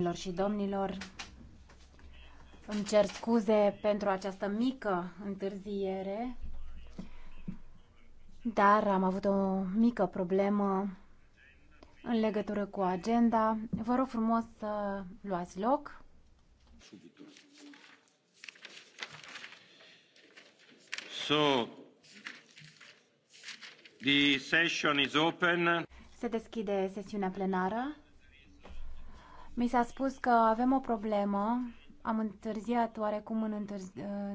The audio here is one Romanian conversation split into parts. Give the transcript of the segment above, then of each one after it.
Domnilor și domnilor, îmi cer scuze pentru această mică întârziere, dar am avut o mică problemă în legătură cu agenda. Vă rog frumos să luați loc. So, the session is open. Se deschide sesiunea plenară. Mi s-a spus că avem o problemă. Am întârziat oarecum în întârzi,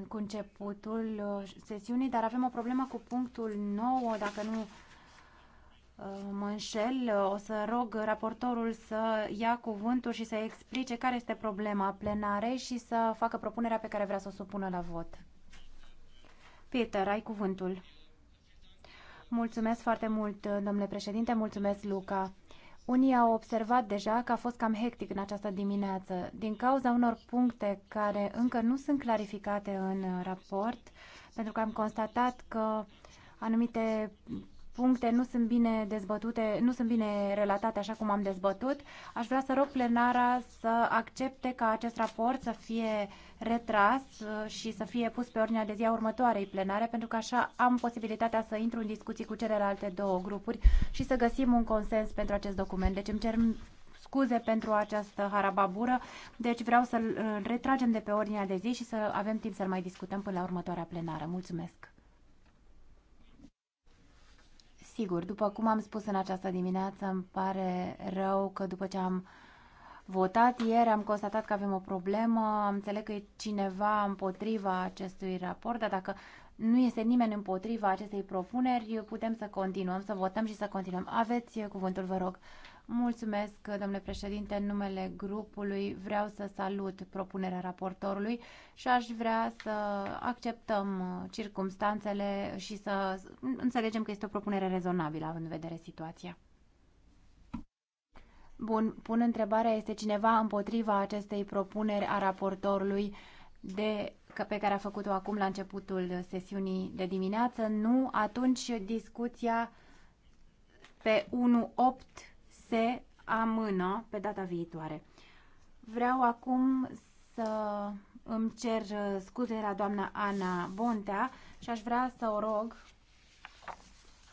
cu începutul uh, sesiunii, dar avem o problemă cu punctul 9, dacă nu uh, mă înșel, uh, o să rog raportorul să ia cuvântul și să explice care este problema plenarei și să facă propunerea pe care vrea să o supună la vot. Peter, ai cuvântul. Mulțumesc foarte mult, domnule președinte, mulțumesc, Luca. Unii au observat deja că a fost cam hectic în această dimineață. Din cauza unor puncte care încă nu sunt clarificate în raport, pentru că am constatat că anumite puncte nu sunt bine dezbătute, nu sunt bine relatate așa cum am dezbătut. Aș vrea să rog plenara să accepte ca acest raport să fie retras uh, și să fie pus pe ordinea de zi a următoarei plenare, pentru că așa am posibilitatea să intru în discuții cu celelalte două grupuri și să găsim un consens pentru acest document. Deci îmi cer scuze pentru această harababură, deci vreau să-l retragem de pe ordinea de zi și să avem timp să-l mai discutăm până la următoarea plenară. Mulțumesc! Sigur, după cum am spus în această dimineață, îmi pare rău că după ce am votat ieri, am constatat că avem o problemă, am înțeles că e cineva împotriva acestui raport, dar dacă nu este nimeni împotriva acestei propuneri, putem să continuăm, să votăm și să continuăm. Aveți cuvântul, vă rog. Mulțumesc, domnule președinte, în numele grupului vreau să salut propunerea raportorului și aș vrea să acceptăm circumstanțele și să înțelegem că este o propunere rezonabilă având în vedere situația. Bun, pun întrebarea, este cineva împotriva acestei propuneri a raportorului de pe care a făcut-o acum la începutul sesiunii de dimineață? Nu, atunci discuția pe 1.8 se amână pe data viitoare. Vreau acum să îmi cer scuze la doamna Ana Bontea și aș vrea să o rog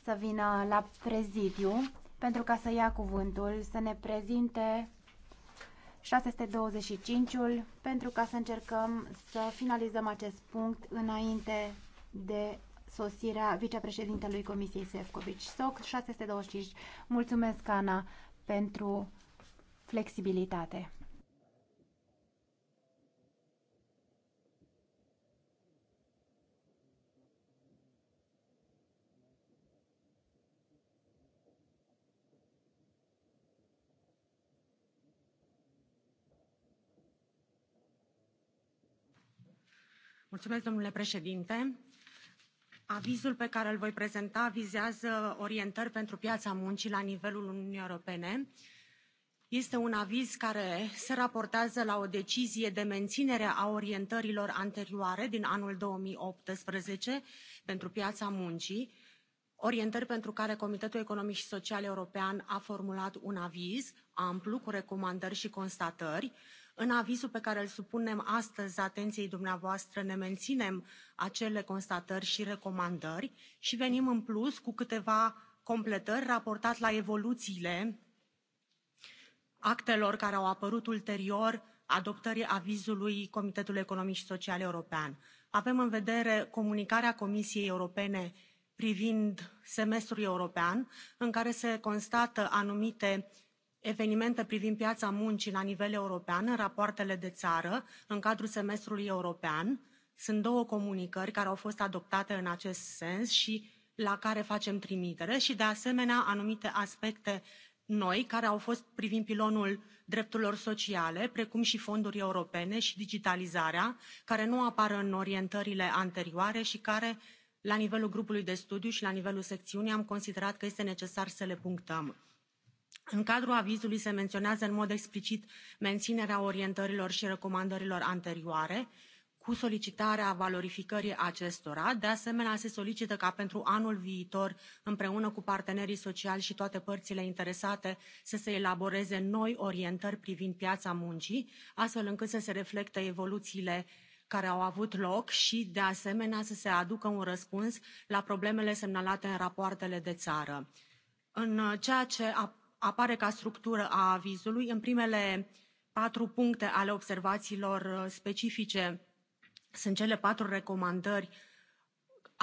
să vină la prezidiu pentru ca să ia cuvântul, să ne prezinte 625-ul pentru ca să încercăm să finalizăm acest punct înainte de sosirea vicepreședintelui Comisiei Sefcovici. SOC 625. Mulțumesc, Ana, pentru flexibilitate. Mulțumesc, domnule președinte avizul pe care îl voi prezenta vizează orientări pentru piața muncii la nivelul uniunii europene este un aviz care se raportează la o decizie de menținere a orientărilor anterioare din anul 2018 pentru piața muncii orientări pentru care comitetul economic și social european a formulat un aviz amplu cu recomandări și constatări în avizul pe care îl supunem astăzi atenției dumneavoastră ne menținem acele constatări și recomandări și venim în plus cu câteva completări raportat la evoluțiile actelor care au apărut ulterior adoptării avizului comitetului economic și social european. avem în vedere comunicarea comisiei europene privind semestrul european în care se constată anumite evenimente privind piața muncii la nivel european în rapoartele de țară în cadrul semestrului european. Sunt două comunicări care au fost adoptate în acest sens și la care facem trimitere și, de asemenea, anumite aspecte noi care au fost privind pilonul drepturilor sociale, precum și fonduri europene și digitalizarea, care nu apar în orientările anterioare și care, la nivelul grupului de studiu și la nivelul secțiunii, am considerat că este necesar să le punctăm în cadrul avizului se menționează în mod explicit menținerea orientărilor și recomandărilor anterioare cu solicitarea valorificării acestora. De asemenea, se solicită ca pentru anul viitor, împreună cu partenerii sociali și toate părțile interesate, să se elaboreze noi orientări privind piața muncii, astfel încât să se reflecte evoluțiile care au avut loc și, de asemenea, să se aducă un răspuns la problemele semnalate în rapoartele de țară. În ceea ce apare ca structură a avizului în primele patru puncte ale observațiilor uh, specifice sunt cele patru recomandări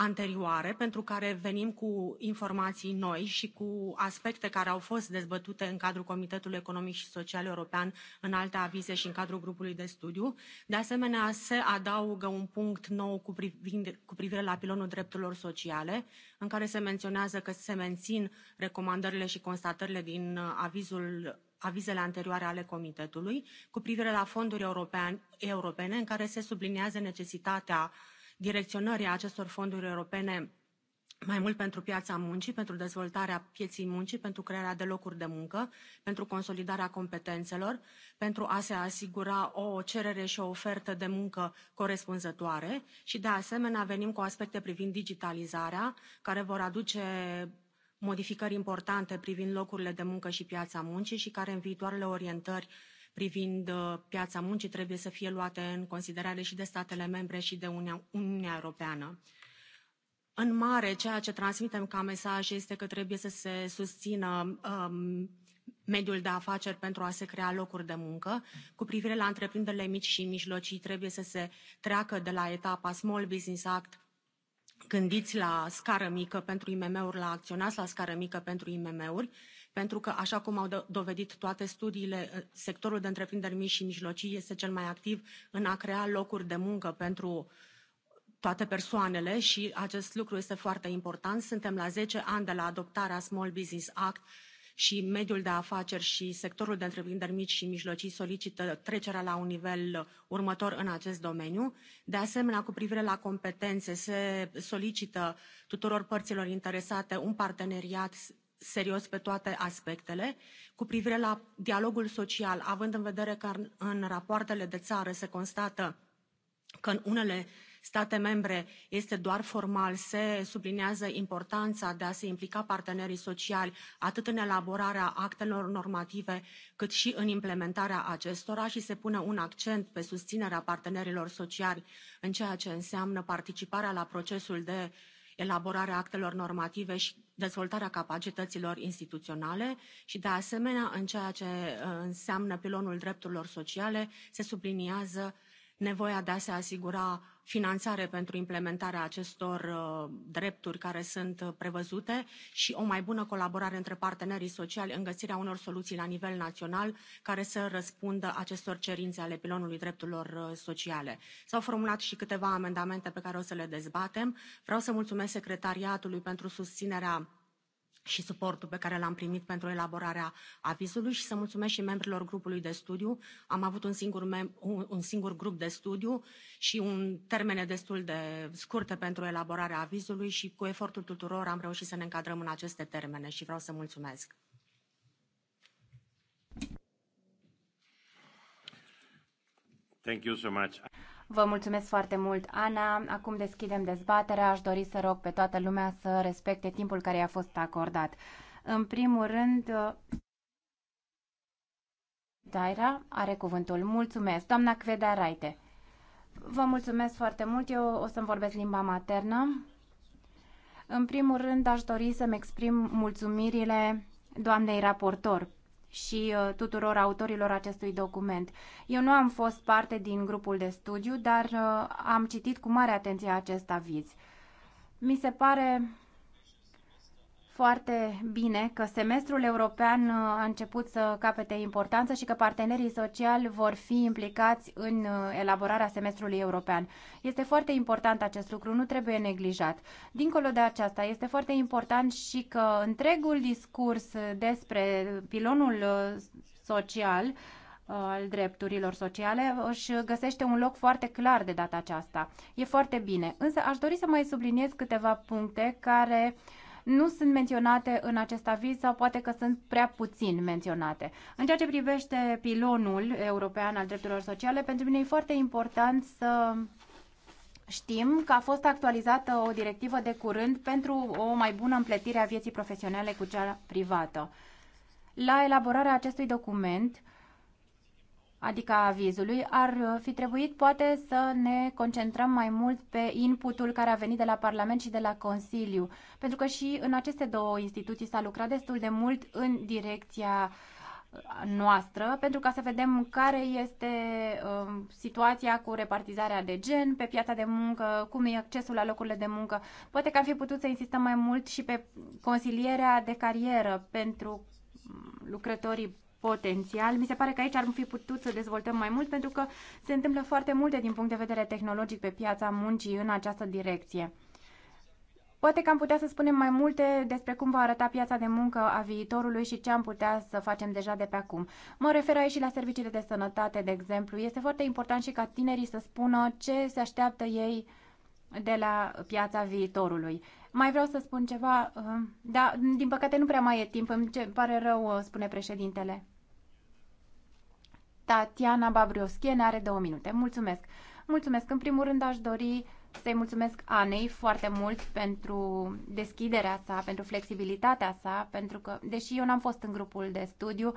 anterioare, pentru care venim cu informații noi și cu aspecte care au fost dezbătute în cadrul Comitetului Economic și Social European în alte avize și în cadrul grupului de studiu. De asemenea, se adaugă un punct nou cu, cu privire la pilonul drepturilor sociale, în care se menționează că se mențin recomandările și constatările din uh, avizul avizele anterioare ale Comitetului cu privire la fonduri europene, în care se subliniază necesitatea uh, direcționării acestor fonduri europene mai mult pentru piața muncii, pentru dezvoltarea pieței muncii, pentru crearea de locuri de muncă, pentru consolidarea competențelor, pentru a se asigura o cerere și o ofertă de muncă corespunzătoare și, de asemenea, venim cu aspecte privind digitalizarea, care vor aduce modificări importante privind locurile de muncă și piața muncii și care în viitoarele orientări uh, privind uh, piața muncii trebuie să fie luate în considerare și de statele membre și de Uniunea Europeană. În mare, ceea ce transmitem ca mesaj este că trebuie să se susțină um, mediul de afaceri pentru a se crea locuri de muncă. Cu privire la întreprinderile mici și mijlocii, trebuie să se treacă de la etapa Small Business Act gândiți la scară mică pentru IMM-uri, la acționați la scară mică pentru IMM-uri pentru că așa cum au dovedit toate studiile ă, sectorul de întreprinderi mici și mijlocii este cel mai activ în a crea locuri de muncă pentru toate persoanele și acest lucru este foarte important. Suntem la zece ani de la adoptarea Small Business Act și mediul de afaceri și sectorul de întreprinderi mici și mijlocii solicită trecerea la un nivel următor în acest domeniu. De asemenea, cu privire la competențe, se solicită tuturor părților interesate un parteneriat serios pe toate aspectele cu privire la dialogul social având în vedere că în rapoartele de țară se constată că în unele state membre este doar formal se subliniază importanța de a se implica partenerii sociali atât în elaborarea actelor normative cât și în implementarea acestora și se pune un accent pe susținerea partenerilor sociali în ceea ce înseamnă participarea la procesul de elaborarea actelor normative și dezvoltarea capacităților instituționale și de asemenea în ceea ce uh, înseamnă pilonul drepturilor sociale se subliniază nevoia de a se asigura finanțare pentru implementarea acestor uh, drepturi care sunt uh, prevăzute și o mai bună colaborare între partenerii sociali în găsirea unor soluții la nivel național care să răspundă acestor cerințe ale pilonului drepturilor uh, sociale. S-au formulat și câteva amendamente pe care o să le dezbatem. Vreau să mulțumesc secretariatului pentru susținerea și suportul pe care l am primit pentru elaborarea avizului și să mulțumesc și membrilor grupului de studiu. Am avut un singur, un, un singur grup de studiu și un termene destul de scurte pentru elaborarea avizului și cu efortul tuturor am reușit să ne încadrăm în aceste termene și vreau să mulțumesc. Thank you so much. Vă mulțumesc foarte mult, Ana. Acum deschidem dezbaterea. Aș dori să rog pe toată lumea să respecte timpul care i-a fost acordat. În primul rând, Daira are cuvântul. Mulțumesc. Doamna Cvedea Raite. Vă mulțumesc foarte mult. Eu o să-mi vorbesc limba maternă. În primul rând, aș dori să-mi exprim mulțumirile doamnei raportor și uh, tuturor autorilor acestui document. Eu nu am fost parte din grupul de studiu, dar uh, am citit cu mare atenție acest aviz. Mi se pare foarte bine că semestrul european uh, a început să capete importanță și că partenerii sociali vor fi implicați în uh, elaborarea semestrului european. Este foarte important acest lucru, nu trebuie neglijat. Dincolo de aceasta, este foarte important și că întregul discurs despre pilonul uh, social al drepturilor sociale își găsește un loc foarte clar de data aceasta. E foarte bine. Însă aș dori să mai subliniez câteva puncte care uh, nu sunt menționate în acest aviz sau poate că sunt prea puțin menționate. În ceea ce privește pilonul european al drepturilor sociale, pentru mine e foarte important să Știm că a fost actualizată o directivă de curând pentru o mai bună împletire a vieții profesionale cu cea privată. La elaborarea acestui document, adică a avizului, ar uh, fi trebuit poate să ne concentrăm mai mult pe inputul care a venit de la Parlament și de la Consiliu, pentru că și în aceste două instituții s-a lucrat destul de mult în direcția uh, noastră, pentru ca să vedem care este uh, situația cu repartizarea de gen pe piața de muncă, cum e accesul la locurile de muncă. Poate că ar fi putut să insistăm mai mult și pe consilierea de carieră pentru um, lucrătorii potențial. Mi se pare că aici ar fi putut să dezvoltăm mai mult pentru că se întâmplă foarte multe din punct de vedere tehnologic pe piața muncii în această direcție. Poate că am putea să spunem mai multe despre cum va arăta piața de muncă a viitorului și ce am putea să facem deja de pe acum. Mă refer aici și la serviciile de sănătate, de exemplu. Este foarte important și ca tinerii să spună ce se așteaptă ei de la piața viitorului. Mai vreau să spun ceva, uh, dar din păcate nu prea mai e timp, îmi pare rău, uh, spune președintele. Tatiana ne are două minute. Mulțumesc! Mulțumesc! În primul rând aș dori să-i mulțumesc Anei foarte mult pentru deschiderea sa, pentru flexibilitatea sa, pentru că, deși eu n-am fost în grupul de studiu,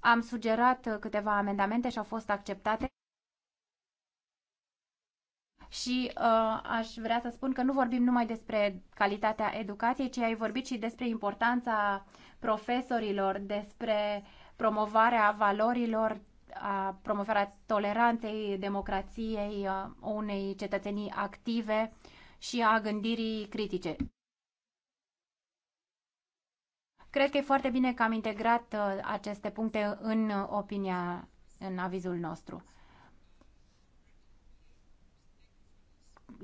am sugerat câteva amendamente și au fost acceptate. Și uh, aș vrea să spun că nu vorbim numai despre calitatea educației, ci ai vorbit și despre importanța profesorilor, despre promovarea valorilor a promovarea toleranței, democrației, a unei cetățenii active și a gândirii critice. Cred că e foarte bine că am integrat uh, aceste puncte în opinia, în avizul nostru.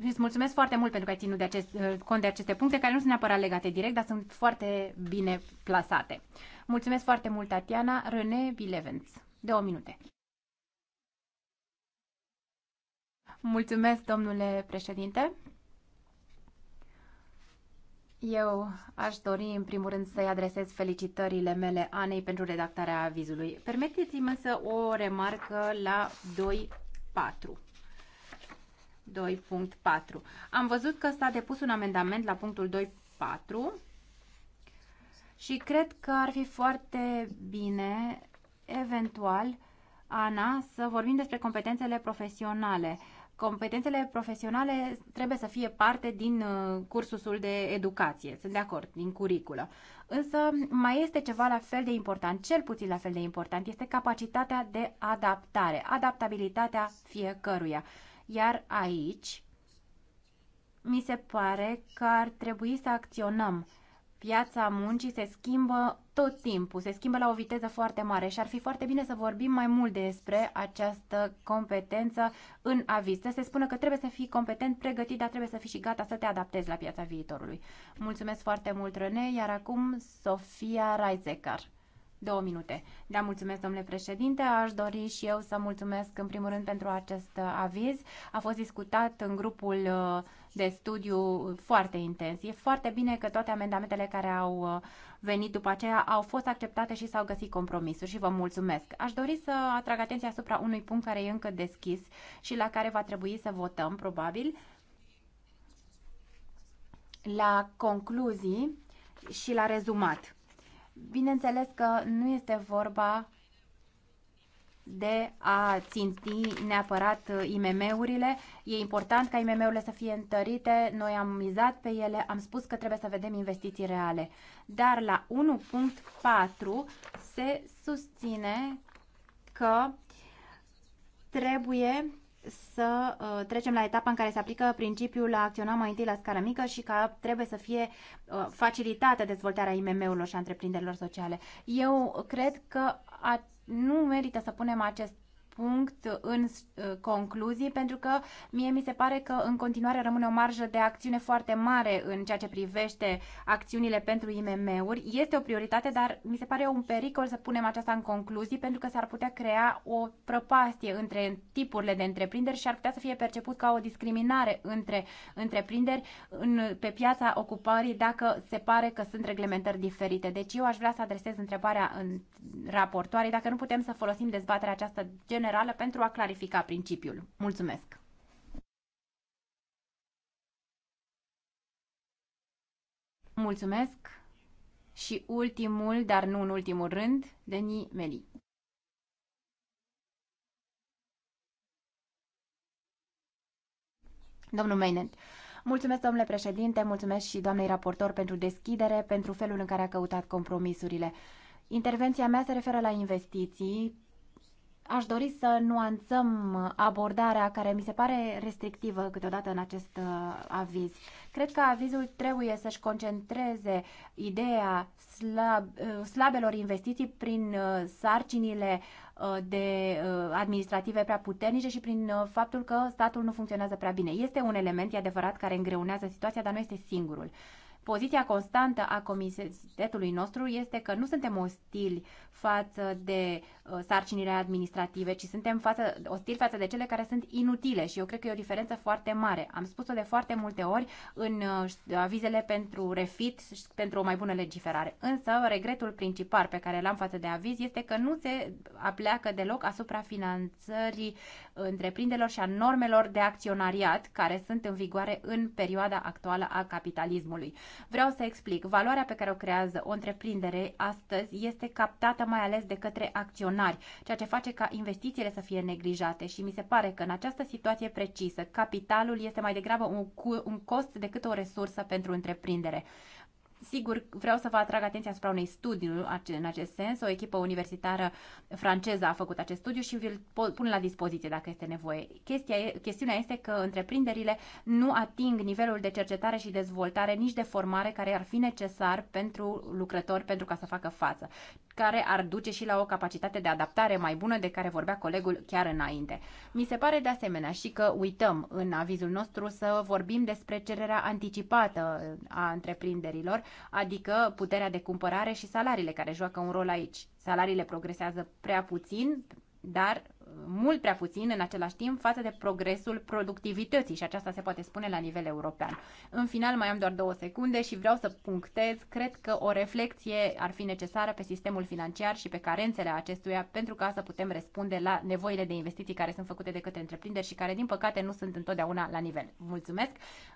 Îți mulțumesc foarte mult pentru că ai ținut de acest, uh, cont de aceste puncte, care nu sunt neapărat legate direct, dar sunt foarte bine plasate. Mulțumesc foarte mult, Tatiana. René Bilevens. Două minute. Mulțumesc, domnule președinte. Eu aș dori, în primul rând, să-i adresez felicitările mele Anei pentru redactarea avizului. Permiteți-mi însă o remarcă la 2.4. 2.4. Am văzut că s-a depus un amendament la punctul 2.4 și cred că ar fi foarte bine eventual, Ana, să vorbim despre competențele profesionale. Competențele profesionale trebuie să fie parte din uh, cursusul de educație, sunt de acord, din curiculă. Însă mai este ceva la fel de important, cel puțin la fel de important, este capacitatea de adaptare, adaptabilitatea fiecăruia. Iar aici mi se pare că ar trebui să acționăm piața muncii se schimbă tot timpul, se schimbă la o viteză foarte mare și ar fi foarte bine să vorbim mai mult despre această competență în aviz. Să se spună că trebuie să fii competent, pregătit, dar trebuie să fii și gata să te adaptezi la piața viitorului. Mulțumesc foarte mult, Rene, iar acum Sofia Raizecar. Două minute. Da, mulțumesc, domnule președinte. Aș dori și eu să mulțumesc, în primul rând, pentru acest aviz. A fost discutat în grupul uh, de studiu foarte intens. E foarte bine că toate amendamentele care au uh, venit după aceea au fost acceptate și s-au găsit compromisuri și vă mulțumesc. Aș dori să atrag atenția asupra unui punct care e încă deschis și la care va trebui să votăm, probabil, la concluzii și la rezumat. Bineînțeles că nu este vorba de a ținti neapărat IMM-urile. E important ca IMM-urile să fie întărite. Noi am mizat pe ele, am spus că trebuie să vedem investiții reale. Dar la 1.4 se susține că trebuie să uh, trecem la etapa în care se aplică principiul a acționa mai întâi la scară mică și că trebuie să fie uh, facilitată dezvoltarea IMM-urilor și a întreprinderilor sociale. Eu cred că a, nu merită să punem acest punct în uh, concluzii, pentru că mie mi se pare că în continuare rămâne o marjă de acțiune foarte mare în ceea ce privește acțiunile pentru IMM-uri. Este o prioritate, dar mi se pare un pericol să punem aceasta în concluzii, pentru că s-ar putea crea o prăpastie între tipurile de întreprinderi și ar putea să fie perceput ca o discriminare între întreprinderi în, pe piața ocupării dacă se pare că sunt reglementări diferite. Deci eu aș vrea să adresez întrebarea în raportoare dacă nu putem să folosim dezbaterea aceasta generală generală pentru a clarifica principiul. Mulțumesc! Mulțumesc! Și ultimul, dar nu în ultimul rând, Deni Meli. Domnul Mainet, mulțumesc, domnule președinte, mulțumesc și doamnei raportor pentru deschidere, pentru felul în care a căutat compromisurile. Intervenția mea se referă la investiții Aș dori să nuanțăm abordarea care mi se pare restrictivă câteodată în acest uh, aviz. Cred că avizul trebuie să-și concentreze ideea slab, uh, slabelor investiții prin uh, sarcinile de administrative prea puternice și prin faptul că statul nu funcționează prea bine. Este un element, e adevărat, care îngreunează situația, dar nu este singurul. Poziția constantă a comisetului nostru este că nu suntem ostili față de Uh, sarcinile administrative, ci suntem față, ostili față de cele care sunt inutile și eu cred că e o diferență foarte mare. Am spus-o de foarte multe ori în uh, avizele pentru refit și pentru o mai bună legiferare. Însă, regretul principal pe care l-am față de aviz este că nu se apleacă deloc asupra finanțării întreprinderilor și a normelor de acționariat care sunt în vigoare în perioada actuală a capitalismului. Vreau să explic. Valoarea pe care o creează o întreprindere astăzi este captată mai ales de către acționari acționari, ceea ce face ca investițiile să fie neglijate și mi se pare că în această situație precisă, capitalul este mai degrabă un, un cost decât o resursă pentru întreprindere. Sigur, vreau să vă atrag atenția asupra unui studiu în acest sens. O echipă universitară franceză a făcut acest studiu și vi-l pun la dispoziție dacă este nevoie. Chestia, chestiunea este că întreprinderile nu ating nivelul de cercetare și dezvoltare, nici de formare care ar fi necesar pentru lucrători pentru ca să facă față, care ar duce și la o capacitate de adaptare mai bună de care vorbea colegul chiar înainte. Mi se pare de asemenea și că uităm în avizul nostru să vorbim despre cererea anticipată a întreprinderilor adică puterea de cumpărare și salariile care joacă un rol aici. Salariile progresează prea puțin, dar mult prea puțin în același timp față de progresul productivității și aceasta se poate spune la nivel european. În final mai am doar două secunde și vreau să punctez, cred că o reflexie ar fi necesară pe sistemul financiar și pe carențele acestuia pentru ca să putem răspunde la nevoile de investiții care sunt făcute de către întreprinderi și care din păcate nu sunt întotdeauna la nivel. Mulțumesc!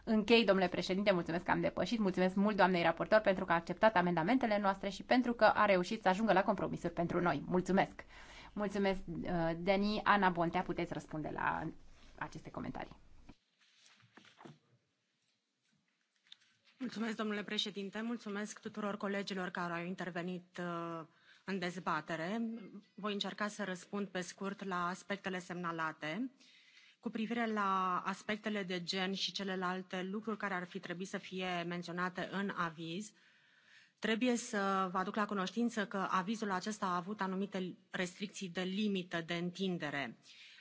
Închei, domnule președinte, mulțumesc că am depășit, mulțumesc mult doamnei raportor pentru că a acceptat amendamentele noastre și pentru că a reușit să ajungă la compromisuri pentru noi. Mulțumesc! Mulțumesc, uh, Dani. Ana Bontea, puteți răspunde la aceste comentarii. Mulțumesc, domnule președinte. Mulțumesc tuturor colegilor care au intervenit uh, în dezbatere. Voi încerca să răspund pe scurt la aspectele semnalate. Cu privire la aspectele de gen și celelalte lucruri care ar fi trebuit să fie menționate în aviz, Trebuie să vă aduc la cunoștință că avizul acesta a avut anumite restricții de limită de întindere.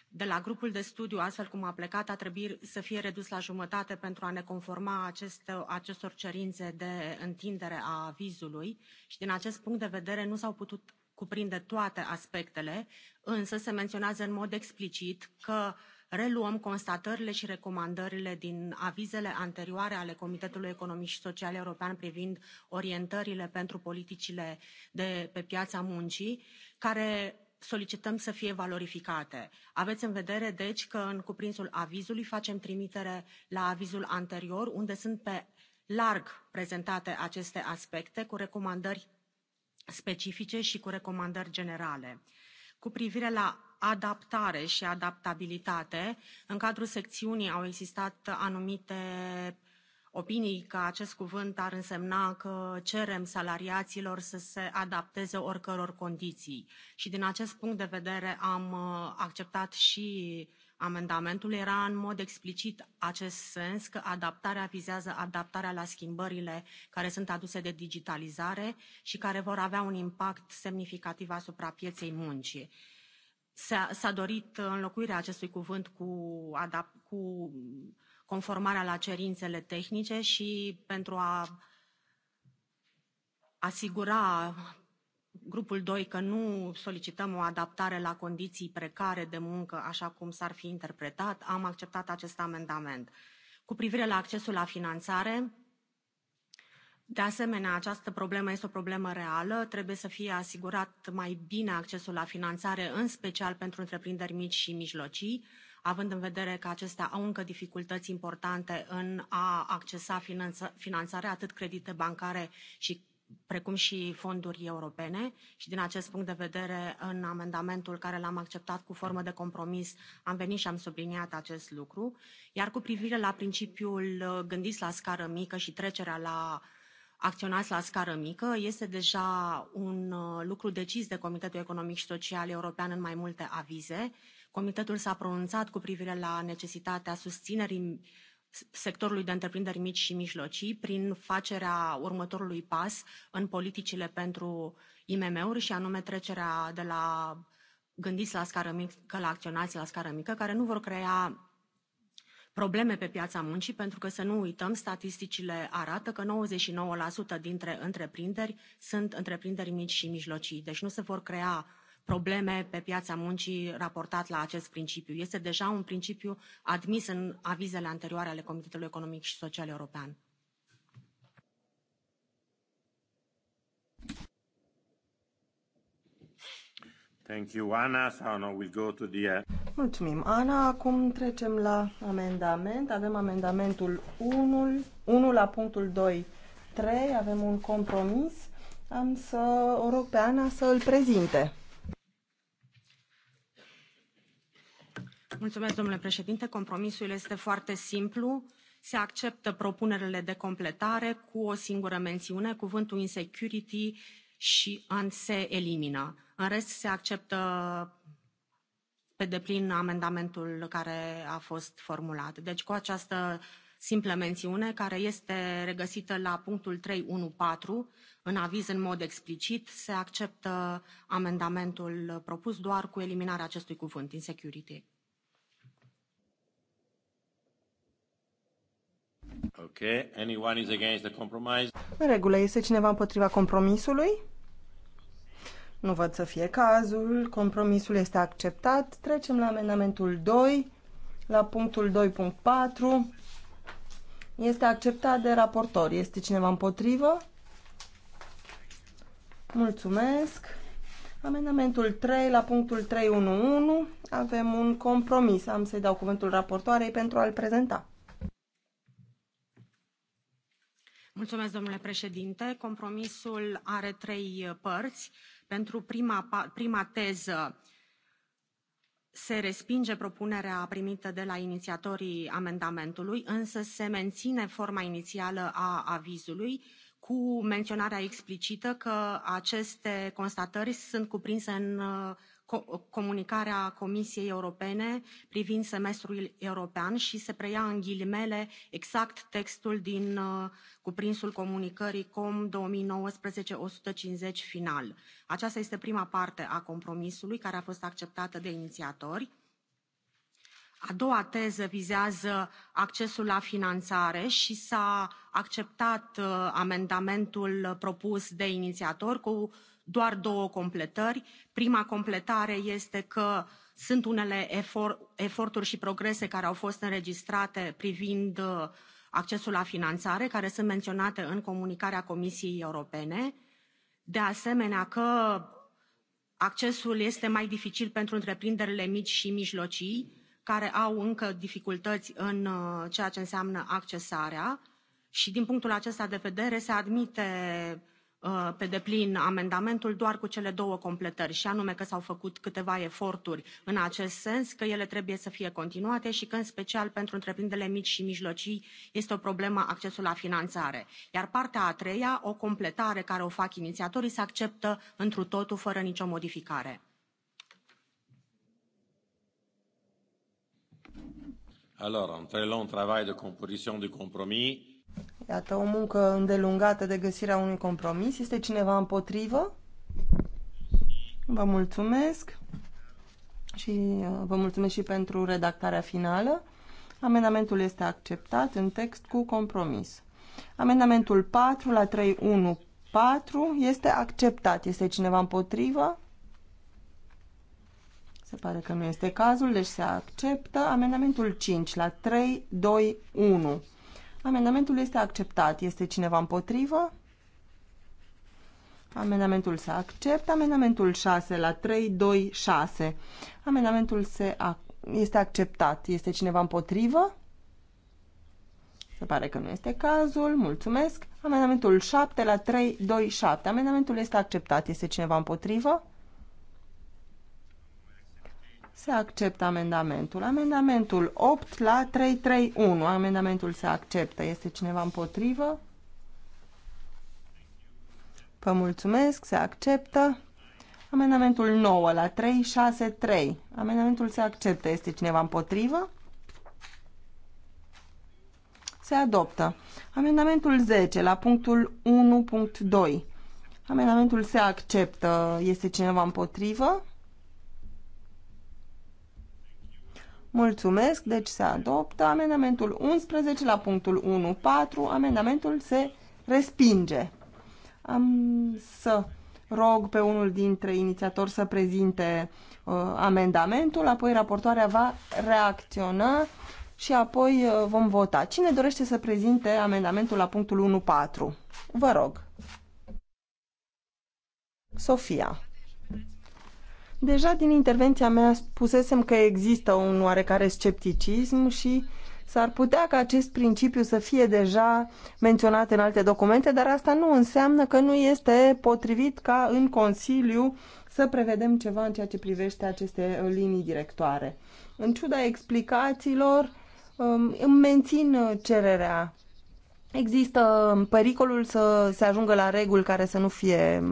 De la grupul de studiu, astfel cum a plecat, a trebuit să fie redus la jumătate pentru a ne conforma aceste, acestor cerințe de întindere a avizului și din acest punct de vedere nu s-au putut cuprinde toate aspectele, însă se menționează în mod explicit că uh, reluăm constatările și recomandările din avizele anterioare ale comitetului economic și social european privind orientările pentru politicile de pe piața muncii care solicităm să fie valorificate. aveți în vedere deci că în cuprinsul avizului facem trimitere la avizul anterior unde sunt pe larg prezentate aceste aspecte cu recomandări specifice și cu recomandări generale. cu privire la adaptare și adaptabilitate. În cadrul secțiunii au existat anumite opinii că acest cuvânt ar însemna că cerem salariaților să se adapteze oricăror condiții. Și din acest punct de vedere am uh, acceptat și amendamentul. Era în mod explicit acest sens că adaptarea vizează adaptarea la schimbările care sunt aduse de digitalizare și care vor avea un impact semnificativ asupra pieței muncii. S-a dorit înlocuirea acestui cuvânt cu, adapt, cu conformarea la cerințele tehnice și pentru a asigura grupul doi că nu solicităm o adaptare la condiții precare de muncă, așa cum s-ar fi interpretat, am acceptat acest amendament. Cu privire la accesul la finanțare, de asemenea această problemă este o problemă reală trebuie să fie asigurat mai bine accesul la finanțare în special pentru întreprinderi mici și mijlocii având în vedere că acestea au încă dificultăți importante în a accesa finanțare atât credite bancare și precum și fonduri europene și din acest punct de vedere în amendamentul care l-am acceptat cu formă de compromis am venit și am subliniat acest lucru iar cu privire la principiul gândiți la scară mică și trecerea la acționați la scară mică. Este deja un uh, lucru decis de Comitetul Economic și Social European în mai multe avize. Comitetul s-a pronunțat cu privire la necesitatea susținerii sectorului de întreprinderi mici și mijlocii prin facerea următorului pas în politicile pentru IMM-uri și anume trecerea de la gândiți la scară mică la acționați la scară mică, care nu vor crea probleme pe piața muncii, pentru că să nu uităm, statisticile arată că 99% dintre întreprinderi sunt întreprinderi mici și mijlocii, deci nu se vor crea probleme pe piața muncii raportat la acest principiu. Este deja un principiu admis în avizele anterioare ale Comitetului Economic și Social European. Thank you, Anna. So now we'll go to the... Mulțumim, Ana. Acum trecem la amendament. Avem amendamentul 1, 1 la punctul 2, 3. Avem un compromis. Am să o rog pe Ana să îl prezinte. Mulțumesc, domnule președinte. Compromisul este foarte simplu. Se acceptă propunerile de completare cu o singură mențiune, cuvântul insecurity și an se elimină. În rest, se acceptă pe deplin amendamentul care a fost formulat. Deci cu această simplă mențiune care este regăsită la punctul 314 în aviz în mod explicit se acceptă amendamentul propus doar cu eliminarea acestui cuvânt security. Okay, anyone is against the compromise? În regulă, este cineva împotriva compromisului? Nu văd să fie cazul. Compromisul este acceptat. Trecem la amendamentul 2, la punctul 2.4. Este acceptat de raportor. Este cineva împotrivă? Mulțumesc. Amendamentul 3 la punctul 311 avem un compromis. Am să-i dau cuvântul raportoarei pentru a-l prezenta. Mulțumesc, domnule președinte. Compromisul are trei părți pentru prima, prima teză se respinge propunerea primită de la inițiatorii amendamentului însă se menține forma inițială a avizului cu menționarea explicită că aceste constatări sunt cuprinse în comunicarea comisiei europene privind semestrul european și se preia în ghilimele exact textul din uh, cuprinsul comunicării com două mii nouăsprezece o sută cincizeci final. aceasta este prima parte a compromisului care a fost acceptată de inițiatori. A doua teză vizează accesul la finanțare și s-a acceptat uh, amendamentul propus de inițiator cu doar două completări prima completare este că sunt unele eforturi și progrese care au fost înregistrate privind uh, accesul la finanțare care sunt menționate în comunicarea comisiei europene de asemenea că accesul este mai dificil pentru întreprinderile mici și mijlocii care au încă dificultăți în uh, ceea ce înseamnă accesarea și din punctul acesta de vedere se admite Uh, pe deplin amendamentul doar cu cele două completări și anume că s au făcut câteva eforturi în acest sens că ele trebuie să fie continuate și că în special pentru întreprinderile mici și mijlocii este o problemă accesul la finanțare iar partea a treia o completare care o fac inițiatorii se acceptă întru totul fără nicio modificare. Alors, un très long travail de composition du compromis Iată, o muncă îndelungată de găsirea unui compromis. Este cineva împotrivă? Vă mulțumesc și uh, vă mulțumesc și pentru redactarea finală. Amendamentul este acceptat în text cu compromis. Amendamentul 4 la 314 este acceptat. Este cineva împotrivă? Se pare că nu este cazul, deci se acceptă. Amendamentul 5 la 321 Amendamentul este acceptat. Este cineva împotrivă? Amendamentul se acceptă. Amendamentul 6 la 3, 2, 6. Amendamentul se ac este acceptat. Este cineva împotrivă? Se pare că nu este cazul. Mulțumesc. Amendamentul 7 la 3, 2, 7. Amendamentul este acceptat. Este cineva împotrivă? Se acceptă amendamentul. Amendamentul 8 la 331. Amendamentul se acceptă. Este cineva împotrivă? Vă mulțumesc. Se acceptă. Amendamentul 9 la 363. Amendamentul se acceptă. Este cineva împotrivă? Se adoptă. Amendamentul 10 la punctul 1.2. Amendamentul se acceptă. Este cineva împotrivă? Mulțumesc, deci se adoptă amendamentul 11 la punctul 1.4, amendamentul se respinge. Am să rog pe unul dintre inițiatori să prezinte uh, amendamentul, apoi raportoarea va reacționa și apoi uh, vom vota. Cine dorește să prezinte amendamentul la punctul 1.4? Vă rog. Sofia. Deja din intervenția mea spusesem că există un oarecare scepticism și s-ar putea ca acest principiu să fie deja menționat în alte documente, dar asta nu înseamnă că nu este potrivit ca în Consiliu să prevedem ceva în ceea ce privește aceste linii directoare. În ciuda explicațiilor, um, îmi mențin cererea. Există pericolul să se ajungă la reguli care să nu fie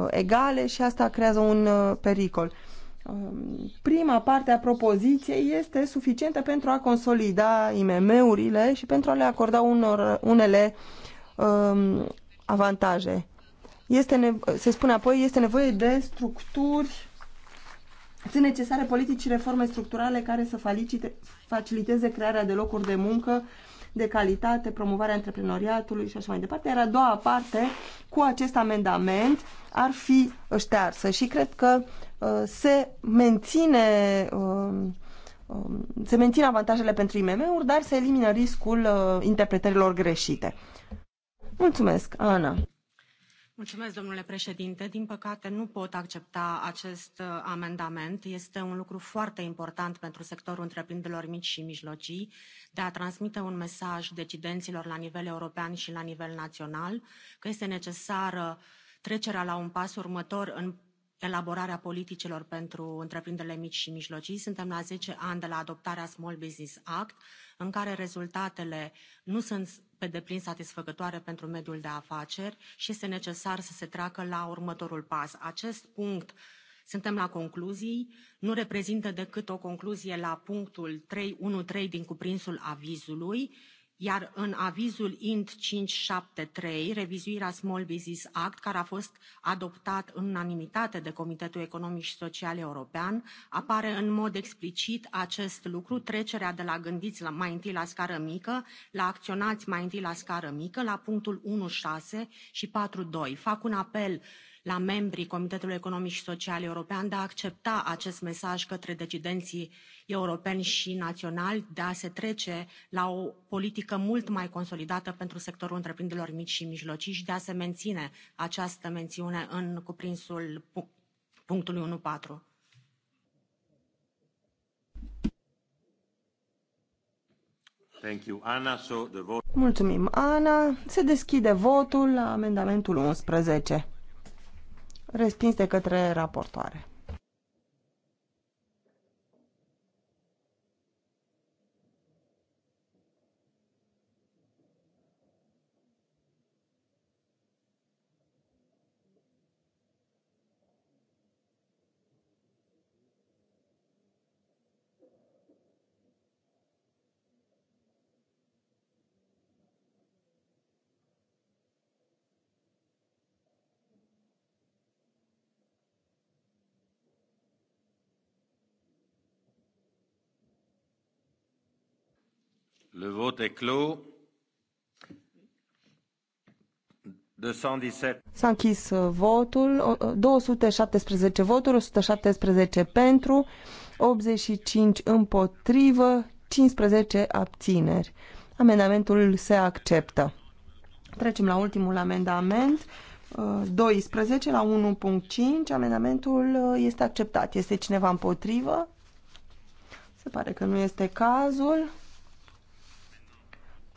Uh, egale și asta creează un uh, pericol. Um, prima parte a propoziției este suficientă pentru a consolida IMM-urile și pentru a le acorda unor, unele um, avantaje. Este se spune apoi, este nevoie de structuri, sunt necesare politici și reforme structurale care să faciliteze crearea de locuri de muncă uh, de calitate, promovarea antreprenoriatului și așa mai departe, iar a doua parte cu acest amendament ar fi ștearsă și cred că uh, se menține uh, se mențin avantajele pentru IMM-uri, dar se elimină riscul uh, interpretărilor greșite. Mulțumesc, Ana! domnule președinte din păcate nu pot accepta acest uh, amendament este un lucru foarte important pentru sectorul întreprinderilor mici și mijlocii de a transmite un mesaj decidenților la nivel european și la nivel național că este necesară trecerea la un pas următor în elaborarea politicilor pentru întreprinderile mici și mijlocii. Suntem la zece ani de la adoptarea Small Business Act, în care rezultatele nu sunt pe deplin satisfăcătoare pentru mediul de afaceri și este necesar să se treacă la următorul pas. Acest punct suntem la concluzii, nu reprezintă decât o concluzie la punctul 313 din cuprinsul avizului iar în avizul int cinci sute șaptezeci și trei revizuirea small business act care a fost adoptat în unanimitate de comitetul economic și social european apare în mod explicit acest lucru trecerea de la gândiți la, mai întâi la scară mică la acționați mai întâi la scară mică la punctul unu șase și patru doi fac un apel la membrii Comitetului Economic și Social European de a accepta acest mesaj către decidenții europeni și naționali de a se trece la o politică mult mai consolidată pentru sectorul întreprinderilor mici și mijlocii și de a se menține această mențiune în cuprinsul punctului 1.4. Thank you, Ana. So the vote... Mulțumim, Ana. Se deschide votul la amendamentul 11. Respins de către raportoare. Le vote est clos. 217. S-a închis uh, votul. 217 uh, voturi, 117 pentru, 85 împotrivă, 15 abțineri. Amendamentul se acceptă. Trecem la ultimul amendament. 12 uh, la 1.5 amendamentul este acceptat. Este cineva împotrivă? Se pare că nu este cazul.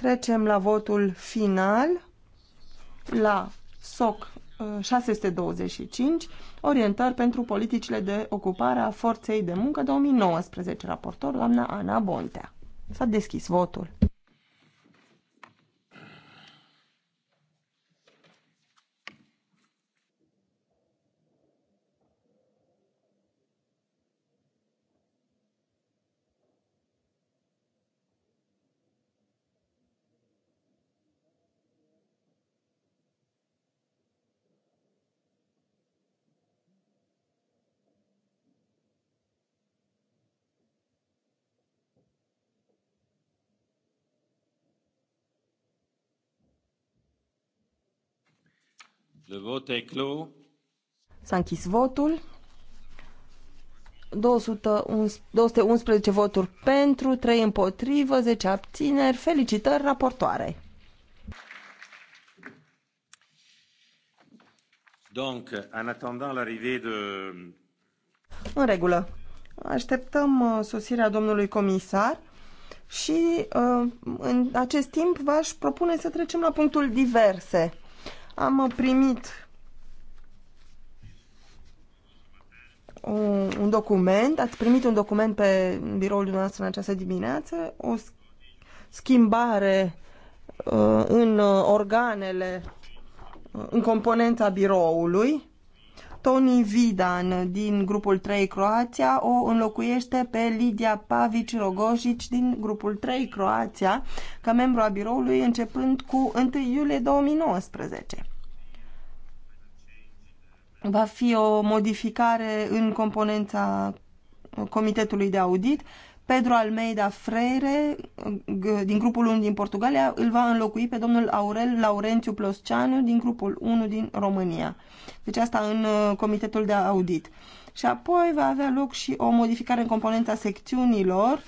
Trecem la votul final, la SOC 625, uh, orientări pentru politicile de ocupare a forței de muncă 2019, raportor doamna Ana Bontea. S-a deschis votul. Le vot est clos. S-a închis votul. 211, 211 voturi pentru, 3 împotrivă, 10 abțineri. Felicitări raportoare! Donc, en attendant l'arrivée de... În regulă. Așteptăm uh, sosirea domnului comisar și uh, în acest timp v-aș propune să trecem la punctul diverse. Am primit un document, ați primit un document pe biroul dumneavoastră în această dimineață, o schimbare uh, în uh, organele, uh, în componența biroului. Toni Vidan din grupul 3 Croația o înlocuiește pe Lidia Pavici Rogojici din grupul 3 Croația ca membru a biroului începând cu 1 iulie 2019. Va fi o modificare în componența Comitetului de Audit Pedro Almeida Freire, din grupul 1 din Portugalia, îl va înlocui pe domnul Aurel Laurențiu Plosceanu, din grupul 1 din România. Deci asta în uh, comitetul de audit. Și apoi va avea loc și o modificare în componența secțiunilor.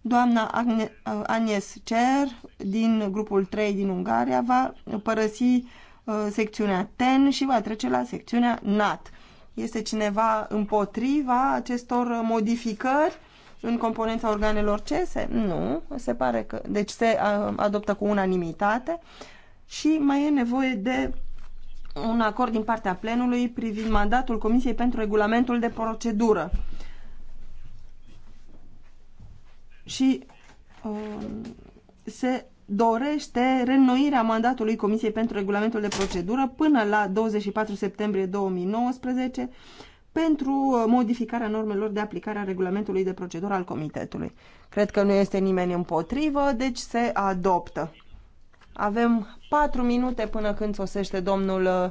Doamna uh, Agnes Cer, din grupul 3 din Ungaria, va părăsi uh, secțiunea TEN și va trece la secțiunea NAT. Este cineva împotriva acestor modificări? în componența organelor cese? Nu, se pare că... Deci se adoptă cu unanimitate și mai e nevoie de un acord din partea plenului privind mandatul Comisiei pentru regulamentul de procedură. Și um, se dorește reînnoirea mandatului Comisiei pentru regulamentul de procedură până la 24 septembrie 2019 pentru uh, modificarea normelor de aplicare a regulamentului de procedură al comitetului. Cred că nu este nimeni împotrivă, deci se adoptă. Avem patru minute până când sosește domnul uh,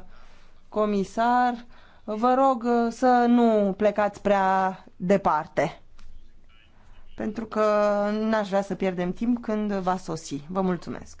comisar. Vă rog uh, să nu plecați prea departe, pentru că n-aș vrea să pierdem timp când va sosi. Vă mulțumesc!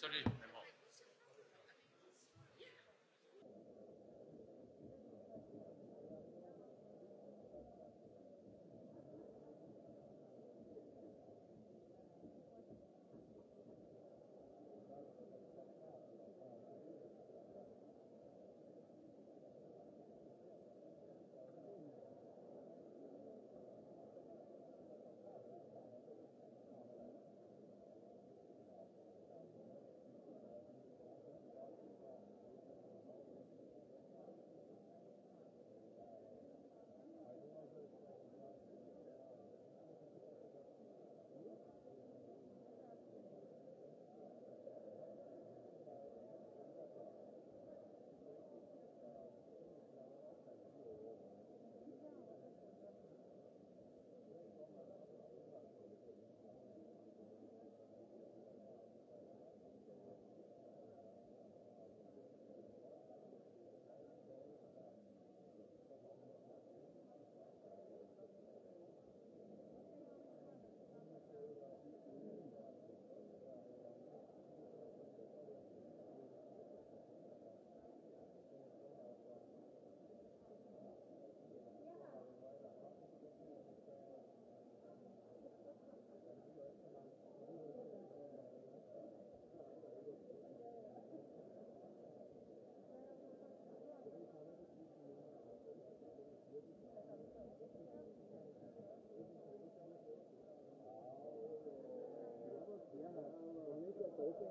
Salut Thank you.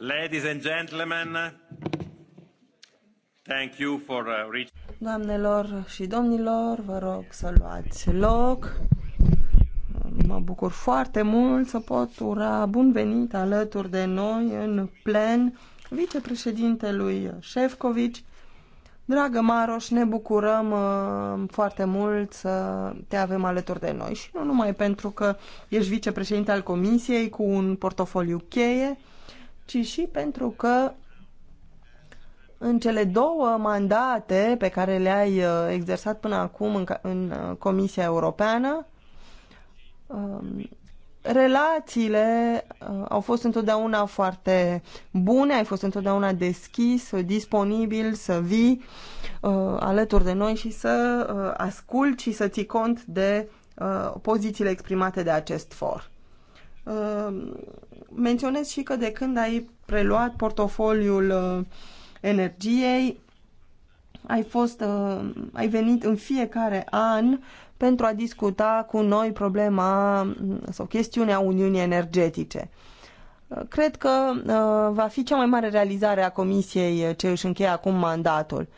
Ladies and gentlemen, thank you for uh, reaching. Doamnelor și domnilor, vă rog să luați loc. Mă bucur foarte mult să pot ura bun venit alături de noi în plen vicepreședintelui Șefcovici. Dragă Maroș, ne bucurăm uh, foarte mult să te avem alături de noi și nu numai pentru că ești vicepreședinte al Comisiei cu un portofoliu cheie, ci și pentru că în cele două mandate pe care le-ai uh, exersat până acum în, în uh, Comisia Europeană, um, relațiile uh, au fost întotdeauna foarte bune, ai fost întotdeauna deschis, disponibil să vii alături de noi și să asculti și să ții cont de pozițiile exprimate de acest for. Menționez și că de când ai preluat portofoliul uh, energiei. Ai, fost, uh, ai venit în fiecare an pentru a discuta cu noi problema mm, sau chestiunea Uniunii Energetice. Uh, cred că uh, va fi cea mai mare realizare a Comisiei uh, ce își încheie acum mandatul.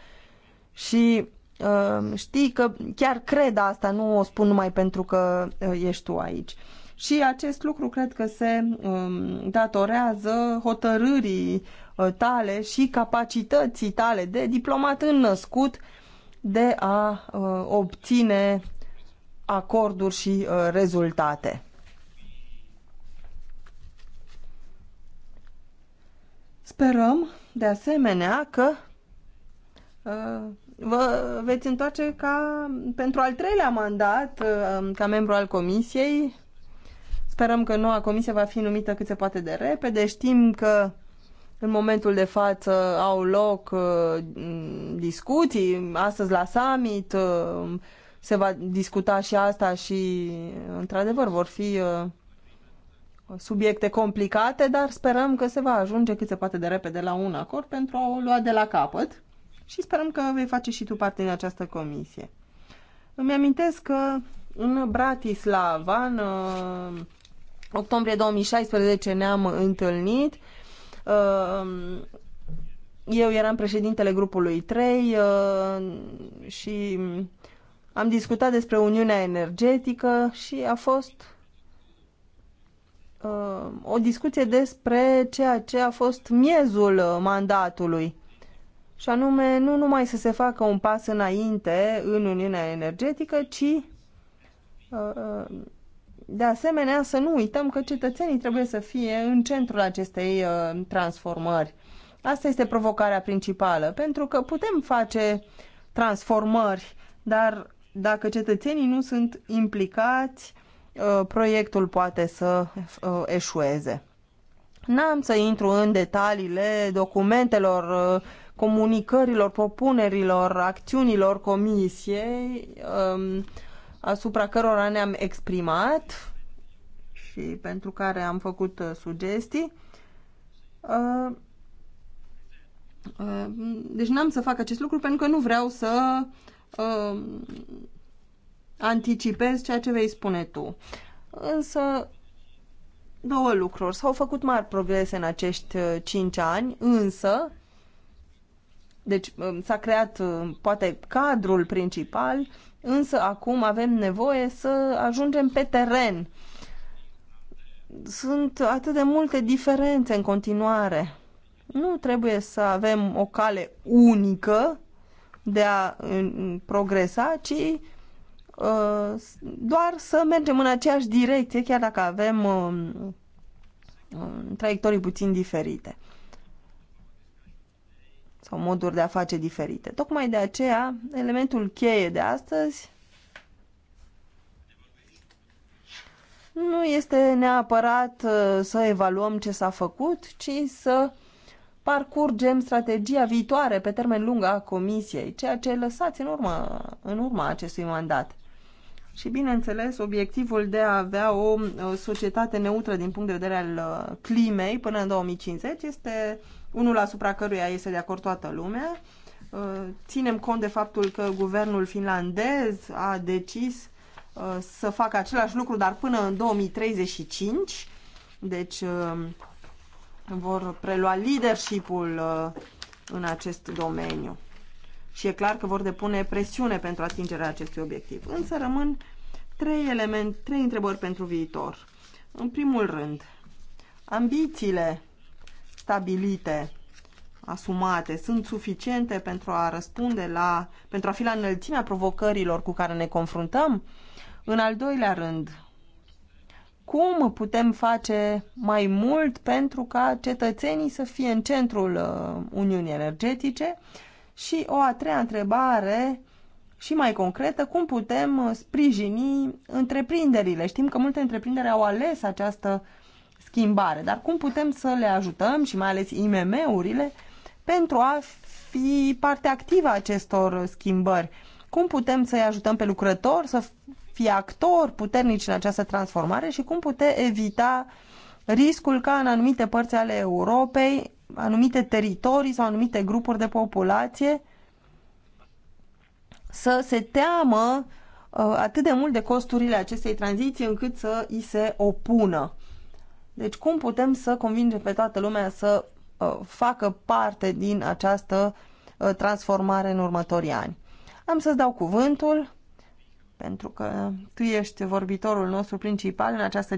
Și uh, știi că chiar cred asta, nu o spun numai pentru că uh, ești tu aici. Și acest lucru cred că se um, datorează hotărârii Uh, tale și capacității tale de diplomat înnăscut de a uh, obține acorduri și uh, rezultate. Sperăm, de asemenea, că vă veți întoarce ca pentru al treilea mandat ca membru al comisiei. Sperăm că noua comisie va fi numită cât se poate de repede. Știm că în momentul de față au loc uh, discuții, astăzi la summit uh, se va discuta și asta și, într-adevăr, vor fi uh, subiecte complicate, dar sperăm că se va ajunge cât se poate de repede la un acord pentru a o lua de la capăt și sperăm că vei face și tu parte din această comisie. Îmi amintesc că în Bratislava, în octombrie 2016, ne-am întâlnit Uh, um, eu eram președintele grupului 3 uh, și am discutat despre Uniunea Energetică și a fost uh, o discuție despre ceea ce a fost miezul mandatului. Și anume, nu numai să se facă un pas înainte în Uniunea Energetică, ci de asemenea, să nu uităm că cetățenii trebuie să fie în centrul acestei uh, transformări. Asta este provocarea principală, pentru că putem face transformări, dar dacă cetățenii nu sunt implicați, uh, proiectul poate să uh, eșueze. N-am să intru în detaliile documentelor, comunicărilor, propunerilor, acțiunilor comisiei, um, asupra cărora ne-am exprimat și pentru care am făcut uh, sugestii. Uh, uh, deci n-am să fac acest lucru pentru că nu vreau să anticipez ceea ce vei spune tu. Însă două lucruri. S-au făcut mari progrese în acești cinci ani, însă deci um, s-a creat poate cadrul principal, Însă acum avem nevoie să ajungem pe teren. Sunt atât de multe diferențe în continuare. Nu trebuie să avem o cale unică de a progresa, ci uh, doar să mergem în aceeași direcție, chiar dacă avem uh, traiectorii puțin diferite sau moduri de a face diferite. Tocmai de aceea, elementul cheie de astăzi nu este neapărat uh, să evaluăm ce s-a făcut, ci să parcurgem strategia viitoare pe termen lung a Comisiei, ceea ce lăsați în urma, în urma acestui mandat. Și, bineînțeles, obiectivul de a avea o societate neutră din punct de vedere al uh, climei până în 2050 este unul asupra căruia este de acord toată lumea. Uh, ținem cont de faptul că guvernul finlandez a decis uh, să facă același lucru, dar până în 2035, deci uh, vor prelua leadership-ul în acest domeniu. Și e clar că vor depune presiune pentru atingerea acestui obiectiv. Însă rămân trei, element, trei întrebări pentru viitor. În primul rând, ambițiile stabilite, asumate, sunt suficiente pentru a răspunde la, pentru a fi la înălțimea provocărilor cu care ne confruntăm? În al doilea rând, cum putem face mai mult pentru ca cetățenii să fie în centrul uh, Uniunii Energetice? Și o a treia întrebare, și mai concretă, cum putem uh, sprijini întreprinderile? Știm că multe întreprinderi au ales această schimbare. Dar cum putem să le ajutăm și mai ales IMM-urile pentru a fi parte activă a acestor schimbări? Cum putem să-i ajutăm pe lucrători să fie actori puternici în această transformare și cum putem evita riscul ca în anumite părți ale Europei, anumite teritorii sau anumite grupuri de populație să se teamă uh, atât de mult de costurile acestei tranziții încât să îi se opună. Deci cum putem să convingem pe toată lumea să uh, facă parte din această uh, transformare în următorii ani? Am să-ți dau cuvântul, pentru că tu ești vorbitorul nostru principal în această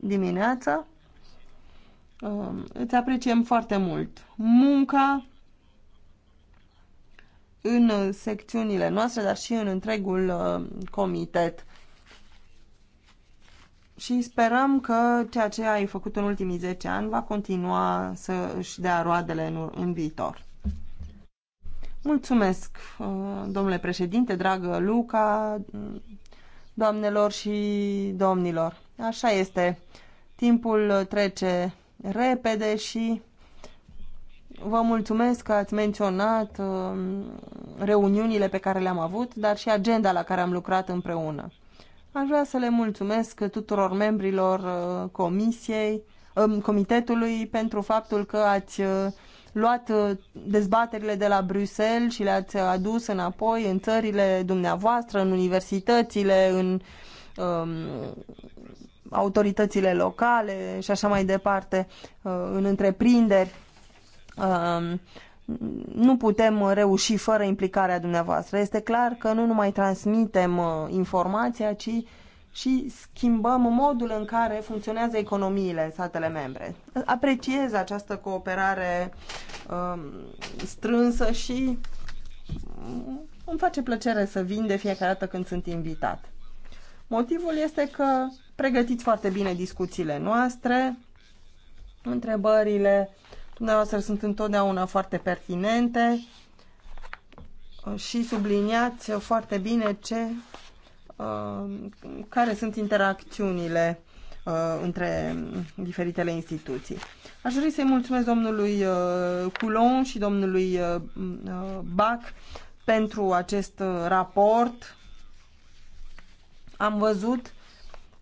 dimineață. Um, îți apreciem foarte mult munca în secțiunile noastre, dar și în întregul uh, comitet și sperăm că ceea ce ai făcut în ultimii 10 ani va continua să își dea roadele în, în viitor. Mulțumesc, uh, domnule președinte, dragă Luca, doamnelor și domnilor. Așa este. Timpul trece repede și vă mulțumesc că ați menționat uh, reuniunile pe care le-am avut, dar și agenda la care am lucrat împreună. Aș vrea să le mulțumesc tuturor membrilor uh, comisiei, um, comitetului pentru faptul că ați uh, luat uh, dezbaterile de la Bruxelles și le-ați adus înapoi în țările dumneavoastră, în universitățile, în um, autoritățile locale și așa mai departe, în întreprinderi. Um, nu putem uh, reuși fără implicarea dumneavoastră. Este clar că nu numai transmitem uh, informația, ci și schimbăm modul în care funcționează economiile în statele membre. Apreciez această cooperare uh, strânsă și mm, îmi face plăcere să vin de fiecare dată când sunt invitat. Motivul este că pregătiți foarte bine discuțiile noastre, întrebările Dumneavoastră sunt întotdeauna foarte pertinente și subliniați foarte bine ce, uh, care sunt interacțiunile uh, între diferitele instituții. Aș dori să-i mulțumesc domnului uh, Coulon și domnului Bac pentru acest raport. Am văzut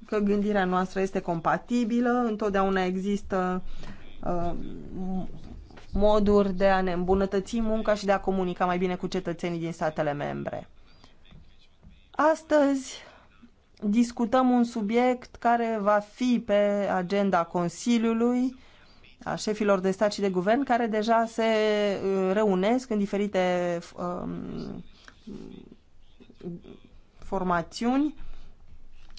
că gândirea noastră este compatibilă, întotdeauna există Uh, moduri de a ne îmbunătăți munca și de a comunica mai bine cu cetățenii din statele membre. Astăzi discutăm un subiect care va fi pe agenda Consiliului, a șefilor de stat și de guvern, care deja se uh, reunesc în diferite um, formațiuni.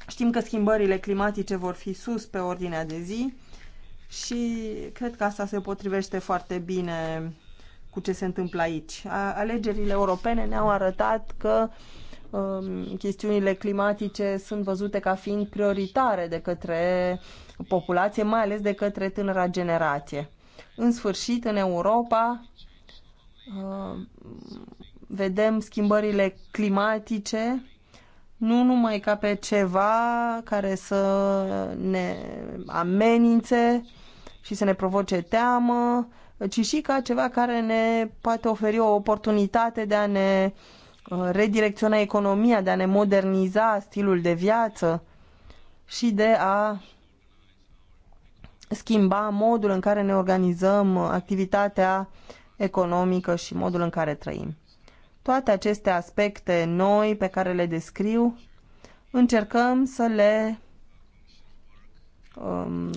Știm că schimbările climatice vor fi sus pe ordinea de zi și cred că asta se potrivește foarte bine cu ce se întâmplă aici. Alegerile europene ne-au arătat că um, chestiunile climatice sunt văzute ca fiind prioritare de către populație, mai ales de către tânăra generație. În sfârșit, în Europa, um, vedem schimbările climatice nu numai ca pe ceva care să ne amenințe și să ne provoce teamă, ci și ca ceva care ne poate oferi o oportunitate de a ne uh, redirecționa economia, de a ne moderniza stilul de viață și de a schimba modul în care ne organizăm activitatea economică și modul în care trăim. Toate aceste aspecte noi pe care le descriu, încercăm să le um,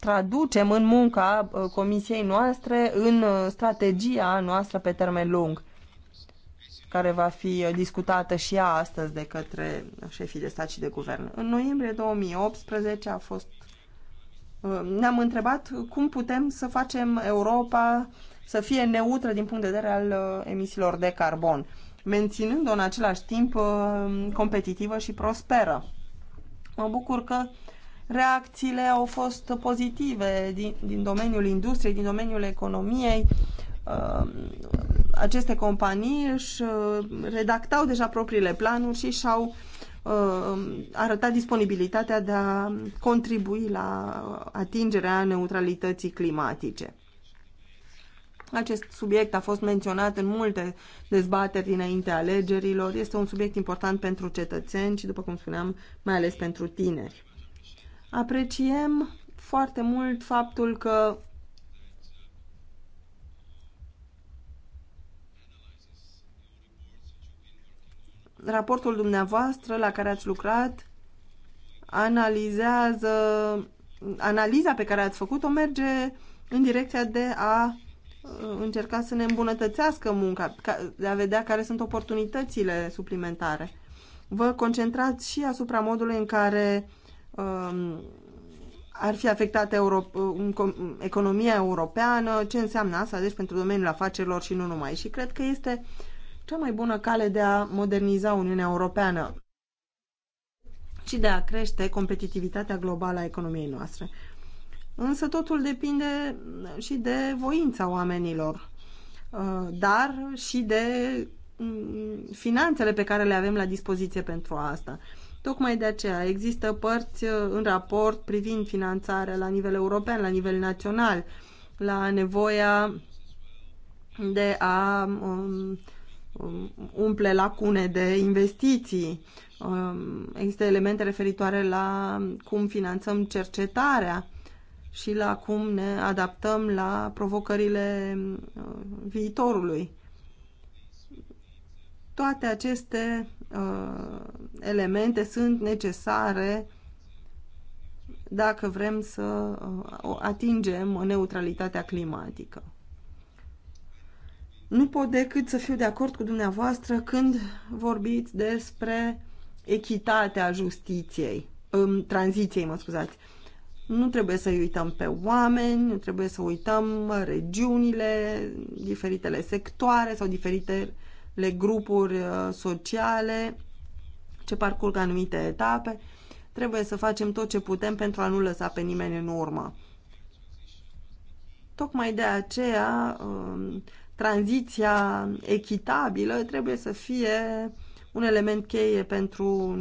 traducem în munca uh, comisiei noastre în uh, strategia noastră pe termen lung care va fi uh, discutată și ea astăzi de către șefii de stat și de guvern. În noiembrie 2018 a fost ne-am întrebat cum putem să facem Europa să fie neutră din punct de vedere al uh, emisiilor de carbon, menținând-o în același timp uh, competitivă și prosperă. Mă bucur că reacțiile au fost pozitive din, din domeniul industriei, din domeniul economiei. Uh, aceste companii își redactau deja propriile planuri și și-au arătat disponibilitatea de a contribui la atingerea neutralității climatice. Acest subiect a fost menționat în multe dezbateri dinainte alegerilor. Este un subiect important pentru cetățeni și, după cum spuneam, mai ales pentru tineri. Apreciem foarte mult faptul că raportul dumneavoastră la care ați lucrat analizează analiza pe care ați făcut-o merge în direcția de a încerca să ne îmbunătățească munca, de a vedea care sunt oportunitățile suplimentare. Vă concentrați și asupra modului în care um, ar fi afectată Euro- economia europeană, ce înseamnă asta, deci pentru domeniul afacerilor și nu numai. Și cred că este cea mai bună cale de a moderniza Uniunea Europeană și de a crește competitivitatea globală a economiei noastre. Însă totul depinde și de voința oamenilor, uh, dar și de mm, finanțele pe care le avem la dispoziție pentru asta. Tocmai de aceea există părți uh, în raport privind finanțarea la nivel european, la nivel național, la nevoia de a um, um, umple lacune de investiții. Um, există elemente referitoare la cum finanțăm cercetarea și la cum ne adaptăm la provocările uh, viitorului. Toate aceste uh, elemente sunt necesare dacă vrem să uh, atingem neutralitatea climatică. Nu pot decât să fiu de acord cu dumneavoastră când vorbiți despre echitatea justiției, um, tranziției, mă scuzați. Uh, nu trebuie să-i uităm pe oameni, nu trebuie să uităm regiunile, diferitele sectoare sau diferitele grupuri uh, sociale ce parcurg anumite etape. Trebuie să facem tot ce putem pentru a nu lăsa pe nimeni în urmă. Tocmai de aceea, um, tranziția echitabilă trebuie să fie un element cheie pentru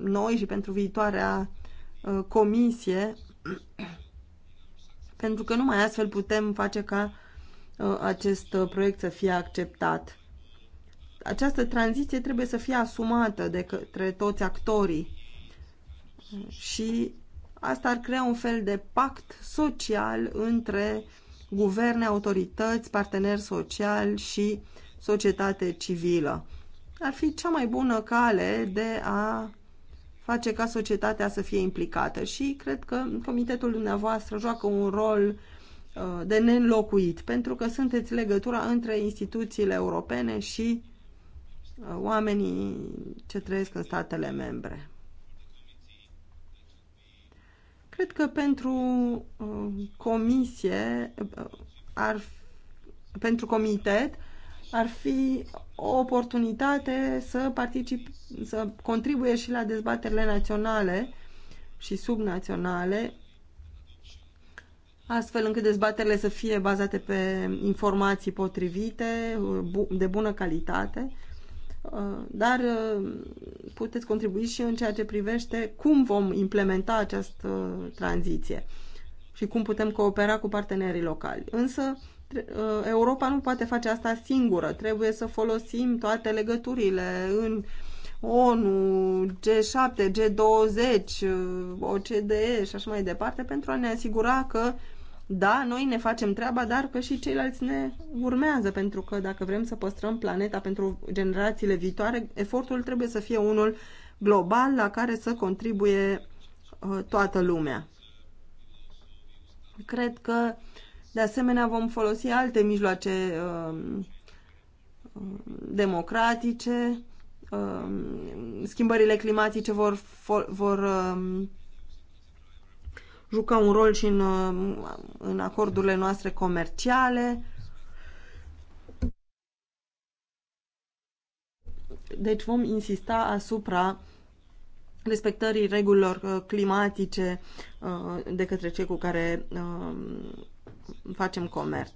noi și pentru viitoarea uh, comisie pentru că numai astfel putem face ca uh, acest uh, proiect să fie acceptat. Această tranziție trebuie să fie asumată de către toți actorii și asta ar crea un fel de pact social între guverne, autorități, parteneri sociali și societate civilă. Ar fi cea mai bună cale de a face ca societatea să fie implicată și cred că comitetul dumneavoastră joacă un rol uh, de nenlocuit, pentru că sunteți legătura între instituțiile europene și uh, oamenii ce trăiesc în statele membre. Cred că pentru uh, comisie, ar, pentru comitet, ar fi o oportunitate să particip, să contribuie și la dezbaterile naționale și subnaționale, astfel încât dezbaterile să fie bazate pe informații potrivite, de bună calitate, uh, dar uh, puteți contribui și în ceea ce privește cum vom implementa această tranziție și cum putem coopera cu partenerii locali. Însă, Ă, Europa nu poate face asta singură. Trebuie să folosim toate legăturile în ONU, G7, G20, OCDE și așa mai departe pentru a ne asigura că da, noi ne facem treaba, dar că și ceilalți ne urmează, pentru că dacă vrem să păstrăm planeta pentru generațiile viitoare, efortul trebuie să fie unul global la care să contribuie ă, toată lumea. Cred că de asemenea, vom folosi alte mijloace um, democratice, um, schimbările climatice vor, vor um, juca un rol și în, în acordurile noastre comerciale. Deci vom insista asupra respectării regulilor uh, climatice uh, de către cei cu care facem comerț.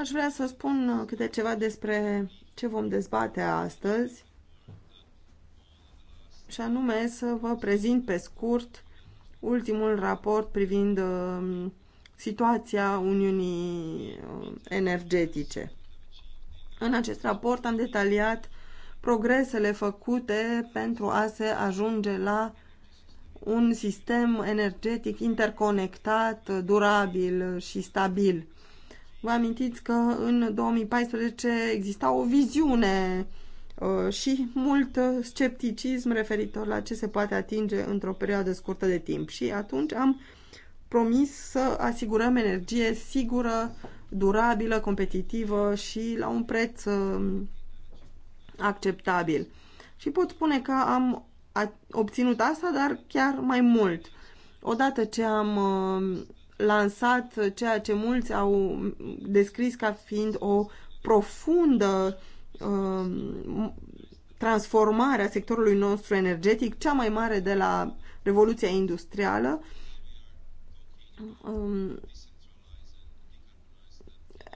Aș vrea să spun câte ceva despre ce vom dezbate astăzi și anume să vă prezint pe scurt ultimul raport privind um, situația Uniunii um, Energetice. În acest raport am detaliat progresele făcute pentru a se ajunge la un sistem energetic interconectat, durabil și stabil. Vă amintiți că în 2014 exista o viziune uh, și mult scepticism referitor la ce se poate atinge într-o perioadă scurtă de timp. Și atunci am promis să asigurăm energie sigură, durabilă, competitivă și la un preț uh, acceptabil. Și pot spune că am obținut asta, dar chiar mai mult. Odată ce am uh, lansat ceea ce mulți au descris ca fiind o profundă um, transformare a sectorului nostru energetic, cea mai mare de la Revoluția Industrială, um,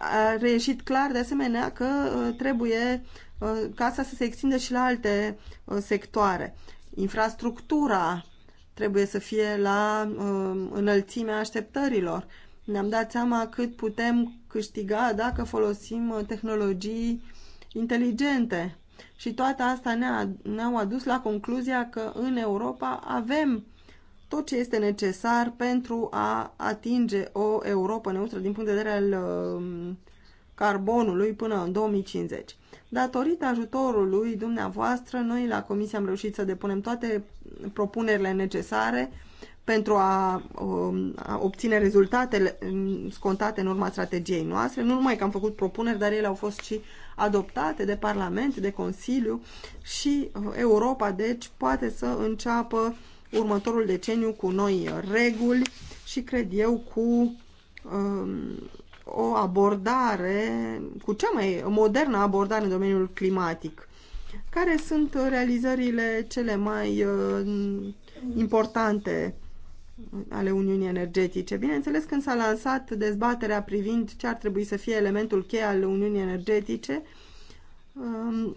a reieșit clar de asemenea că uh, trebuie uh, ca asta să se extindă și la alte sectoare. Infrastructura trebuie să fie la um, înălțimea așteptărilor. Ne-am dat seama cât putem câștiga dacă folosim uh, tehnologii inteligente. Și toate astea ne-au ne adus la concluzia că în Europa avem tot ce este necesar pentru a atinge o Europa neutră din punct de vedere al um, carbonului până în 2050. Datorită ajutorului dumneavoastră, noi la Comisie am reușit să depunem toate propunerile necesare pentru a, um, a obține rezultatele um, scontate în urma strategiei noastre. Nu numai că am făcut propuneri, dar ele au fost și adoptate de Parlament, de Consiliu și uh, Europa, deci, poate să înceapă următorul deceniu cu noi reguli și, cred eu, cu um, o abordare, cu cea mai modernă abordare în domeniul climatic. Care sunt realizările cele mai uh, importante ale Uniunii Energetice? Bineînțeles, când s-a lansat dezbaterea privind ce ar trebui să fie elementul cheie al Uniunii Energetice, um,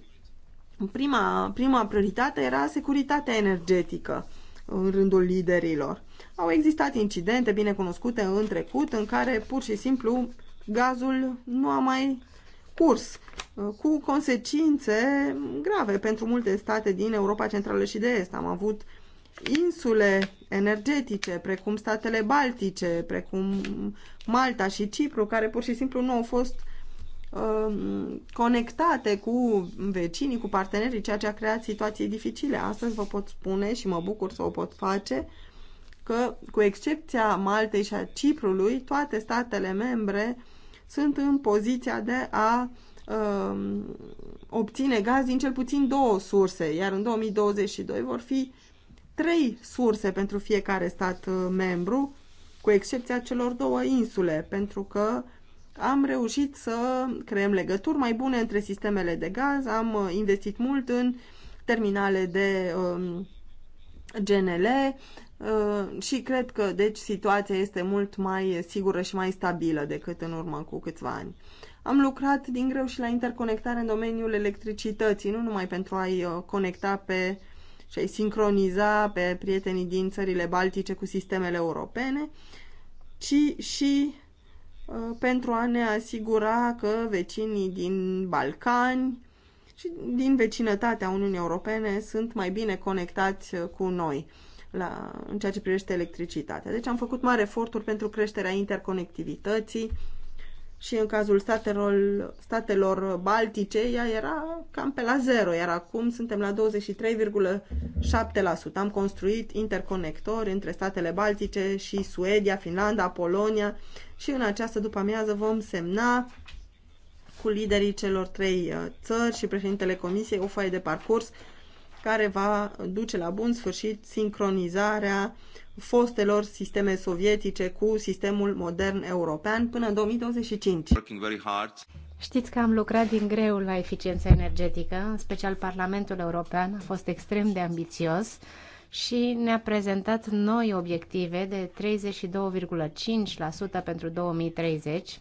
prima, prima prioritate era securitatea energetică în rândul liderilor. Au existat incidente bine cunoscute în trecut în care pur și simplu gazul nu a mai curs, uh, cu consecințe grave pentru multe state din Europa Centrală și de Est. Am avut insule energetice, precum statele Baltice, precum Malta și Cipru, care pur și simplu nu au fost um, conectate cu vecinii, cu partenerii, ceea ce a creat situații dificile. Astăzi vă pot spune și mă bucur să o pot face că, cu excepția Maltei și a Ciprului, toate statele membre sunt în poziția de a uh, obține gaz din cel puțin două surse, iar în 2022 vor fi trei surse pentru fiecare stat uh, membru, cu excepția celor două insule, pentru că am reușit să creăm legături mai bune între sistemele de gaz, am uh, investit mult în terminale de um, GNL, Uh, și cred că, deci, situația este mult mai sigură și mai stabilă decât în urmă cu câțiva ani. Am lucrat din greu și la interconectare în domeniul electricității, nu numai pentru a-i uh, conecta pe și a-i sincroniza pe prietenii din țările baltice cu sistemele europene, ci și uh, pentru a ne asigura că vecinii din Balcani și din vecinătatea Uniunii Europene sunt mai bine conectați cu noi la, în ceea ce privește electricitatea. Deci am făcut mari eforturi pentru creșterea interconectivității și în cazul statelor, statelor baltice ea era cam pe la zero, iar acum suntem la 23,7%. Am construit interconectori între statele baltice și Suedia, Finlanda, Polonia și în această după amiază vom semna cu liderii celor trei uh, țări și președintele Comisiei o foaie de parcurs care va duce la bun sfârșit sincronizarea fostelor sisteme sovietice cu sistemul modern european până în 2025. Știți că am lucrat din greu la eficiența energetică, în special Parlamentul European a fost extrem de ambițios și ne-a prezentat noi obiective de 32,5% pentru 2030.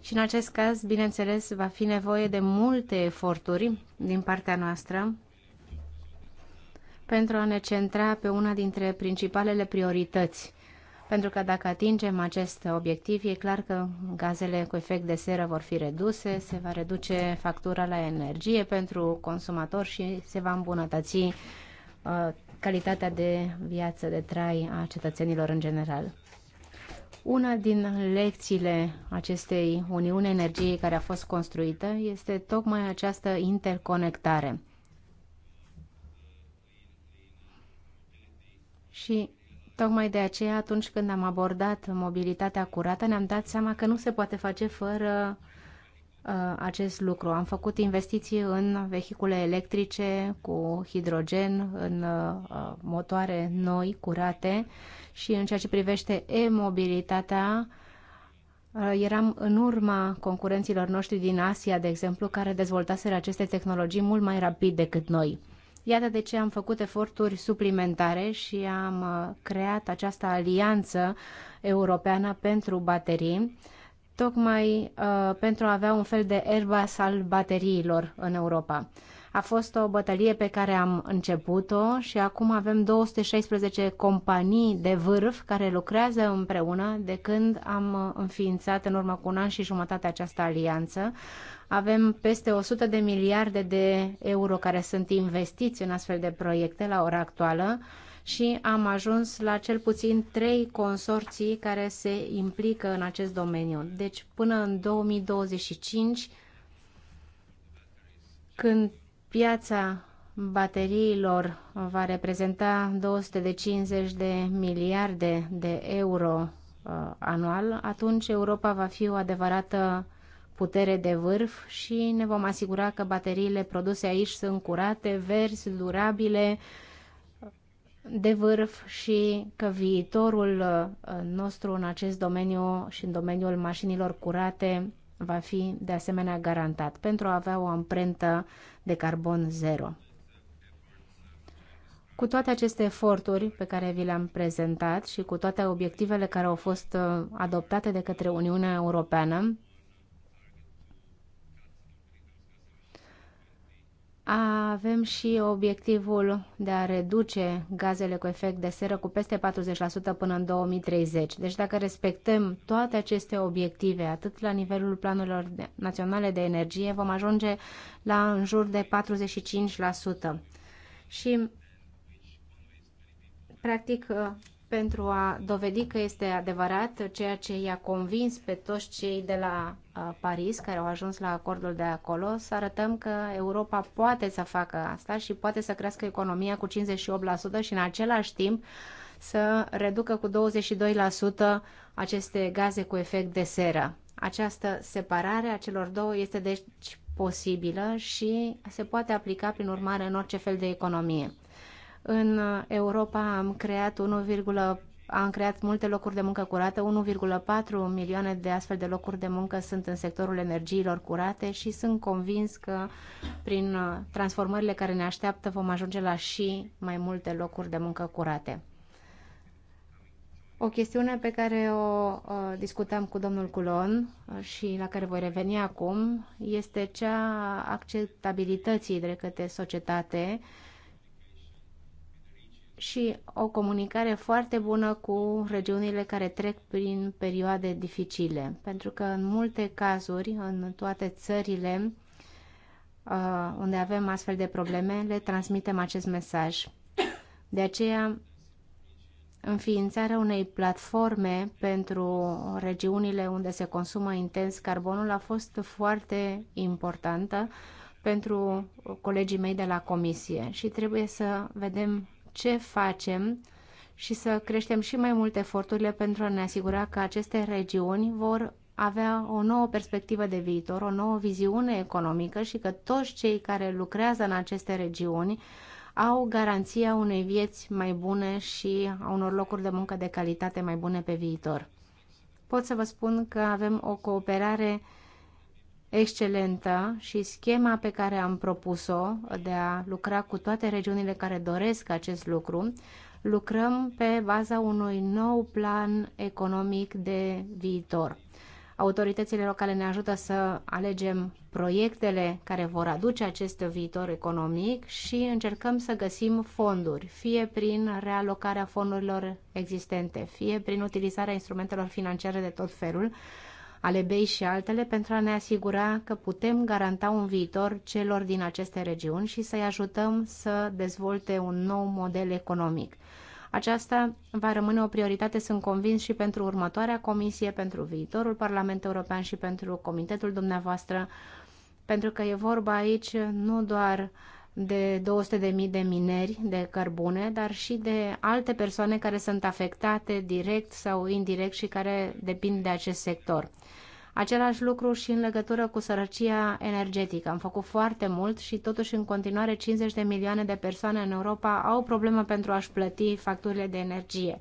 Și în acest caz, bineînțeles, va fi nevoie de multe eforturi din partea noastră pentru a ne centra pe una dintre principalele priorități. Pentru că dacă atingem acest obiectiv, e clar că gazele cu efect de seră vor fi reduse, se va reduce factura la energie pentru consumator și se va îmbunătăți uh, calitatea de viață, de trai a cetățenilor în general. Una din lecțiile acestei Uniuni Energiei care a fost construită este tocmai această interconectare. Și tocmai de aceea, atunci când am abordat mobilitatea curată, ne-am dat seama că nu se poate face fără uh, acest lucru. Am făcut investiții în vehicule electrice cu hidrogen, în uh, motoare noi, curate și în ceea ce privește e-mobilitatea, uh, eram în urma concurenților noștri din Asia, de exemplu, care dezvoltaseră aceste tehnologii mult mai rapid decât noi. Iată de ce am făcut eforturi suplimentare și am uh, creat această alianță europeană pentru baterii, tocmai uh, pentru a avea un fel de Airbus al bateriilor în Europa. A fost o bătălie pe care am început-o și acum avem 216 companii de vârf care lucrează împreună de când am uh, înființat în urmă cu un an și jumătate această alianță. Uh, avem peste 100 de miliarde de euro care sunt investiți în astfel de proiecte la ora actuală și am ajuns la cel puțin trei consorții care se implică în acest domeniu. Deci până în 2025, când piața bateriilor va reprezenta 250 de miliarde de euro uh, anual, atunci Europa va fi o adevărată putere de vârf și ne vom asigura că bateriile produse aici sunt curate, verzi, durabile, de vârf și că viitorul uh, nostru în acest domeniu și în domeniul mașinilor curate va fi de asemenea garantat pentru a avea o amprentă de carbon zero. Cu toate aceste eforturi pe care vi le-am prezentat și cu toate obiectivele care au fost uh, adoptate de către Uniunea Europeană, avem și obiectivul de a reduce gazele cu efect de seră cu peste 40% până în 2030. Deci dacă respectăm toate aceste obiective, atât la nivelul planurilor naționale de energie, vom ajunge la în jur de 45%. Și practic pentru a dovedi că este adevărat ceea ce i-a convins pe toți cei de la Paris care au ajuns la acordul de acolo, să arătăm că Europa poate să facă asta și poate să crească economia cu 58% și în același timp să reducă cu 22% aceste gaze cu efect de seră. Această separare a celor două este deci posibilă și se poate aplica prin urmare în orice fel de economie. În uh, Europa am creat 1, am creat multe locuri de muncă curată, 1,4 milioane de astfel de locuri de muncă sunt în sectorul energiilor curate și sunt convins că prin uh, transformările care ne așteaptă vom ajunge la și mai multe locuri de muncă curate. O chestiune pe care o uh, discutam cu domnul Culon și la care voi reveni acum este cea acceptabilității de către societate uh, și o comunicare foarte bună cu regiunile care trec prin perioade dificile, pentru că în multe cazuri, în toate țările uh, unde avem astfel de probleme, le transmitem acest mesaj. De aceea, înființarea unei platforme pentru regiunile unde se consumă intens carbonul a fost foarte importantă pentru colegii mei de la comisie și trebuie să vedem ce facem și să creștem și mai mult eforturile pentru a ne asigura că aceste regiuni vor avea o nouă perspectivă de viitor, o nouă viziune economică și că toți cei care lucrează în aceste regiuni au garanția unei vieți mai bune și a unor locuri de muncă de calitate mai bune pe viitor. Pot să vă spun că avem o cooperare excelentă și schema pe care am propus-o de a lucra cu toate regiunile care doresc acest lucru, lucrăm pe baza unui nou plan economic de viitor. Autoritățile locale ne ajută să alegem proiectele care vor aduce acest viitor economic și încercăm să găsim fonduri, fie prin realocarea fondurilor existente, fie prin utilizarea instrumentelor financiare de tot felul, ale BEI și altele pentru a ne asigura că putem garanta un viitor celor din aceste regiuni și să-i ajutăm să dezvolte un nou model economic. Aceasta va rămâne o prioritate, sunt convins, și pentru următoarea comisie, pentru viitorul Parlament European și pentru comitetul dumneavoastră, pentru că e vorba aici nu doar uh, de 200.000 de mineri de cărbune, dar și de alte persoane care sunt afectate direct sau indirect și care depind de acest sector. Același lucru și în legătură cu sărăcia energetică. Am făcut foarte mult și totuși în continuare 50 de milioane de persoane în Europa au problemă pentru a-și plăti facturile de energie.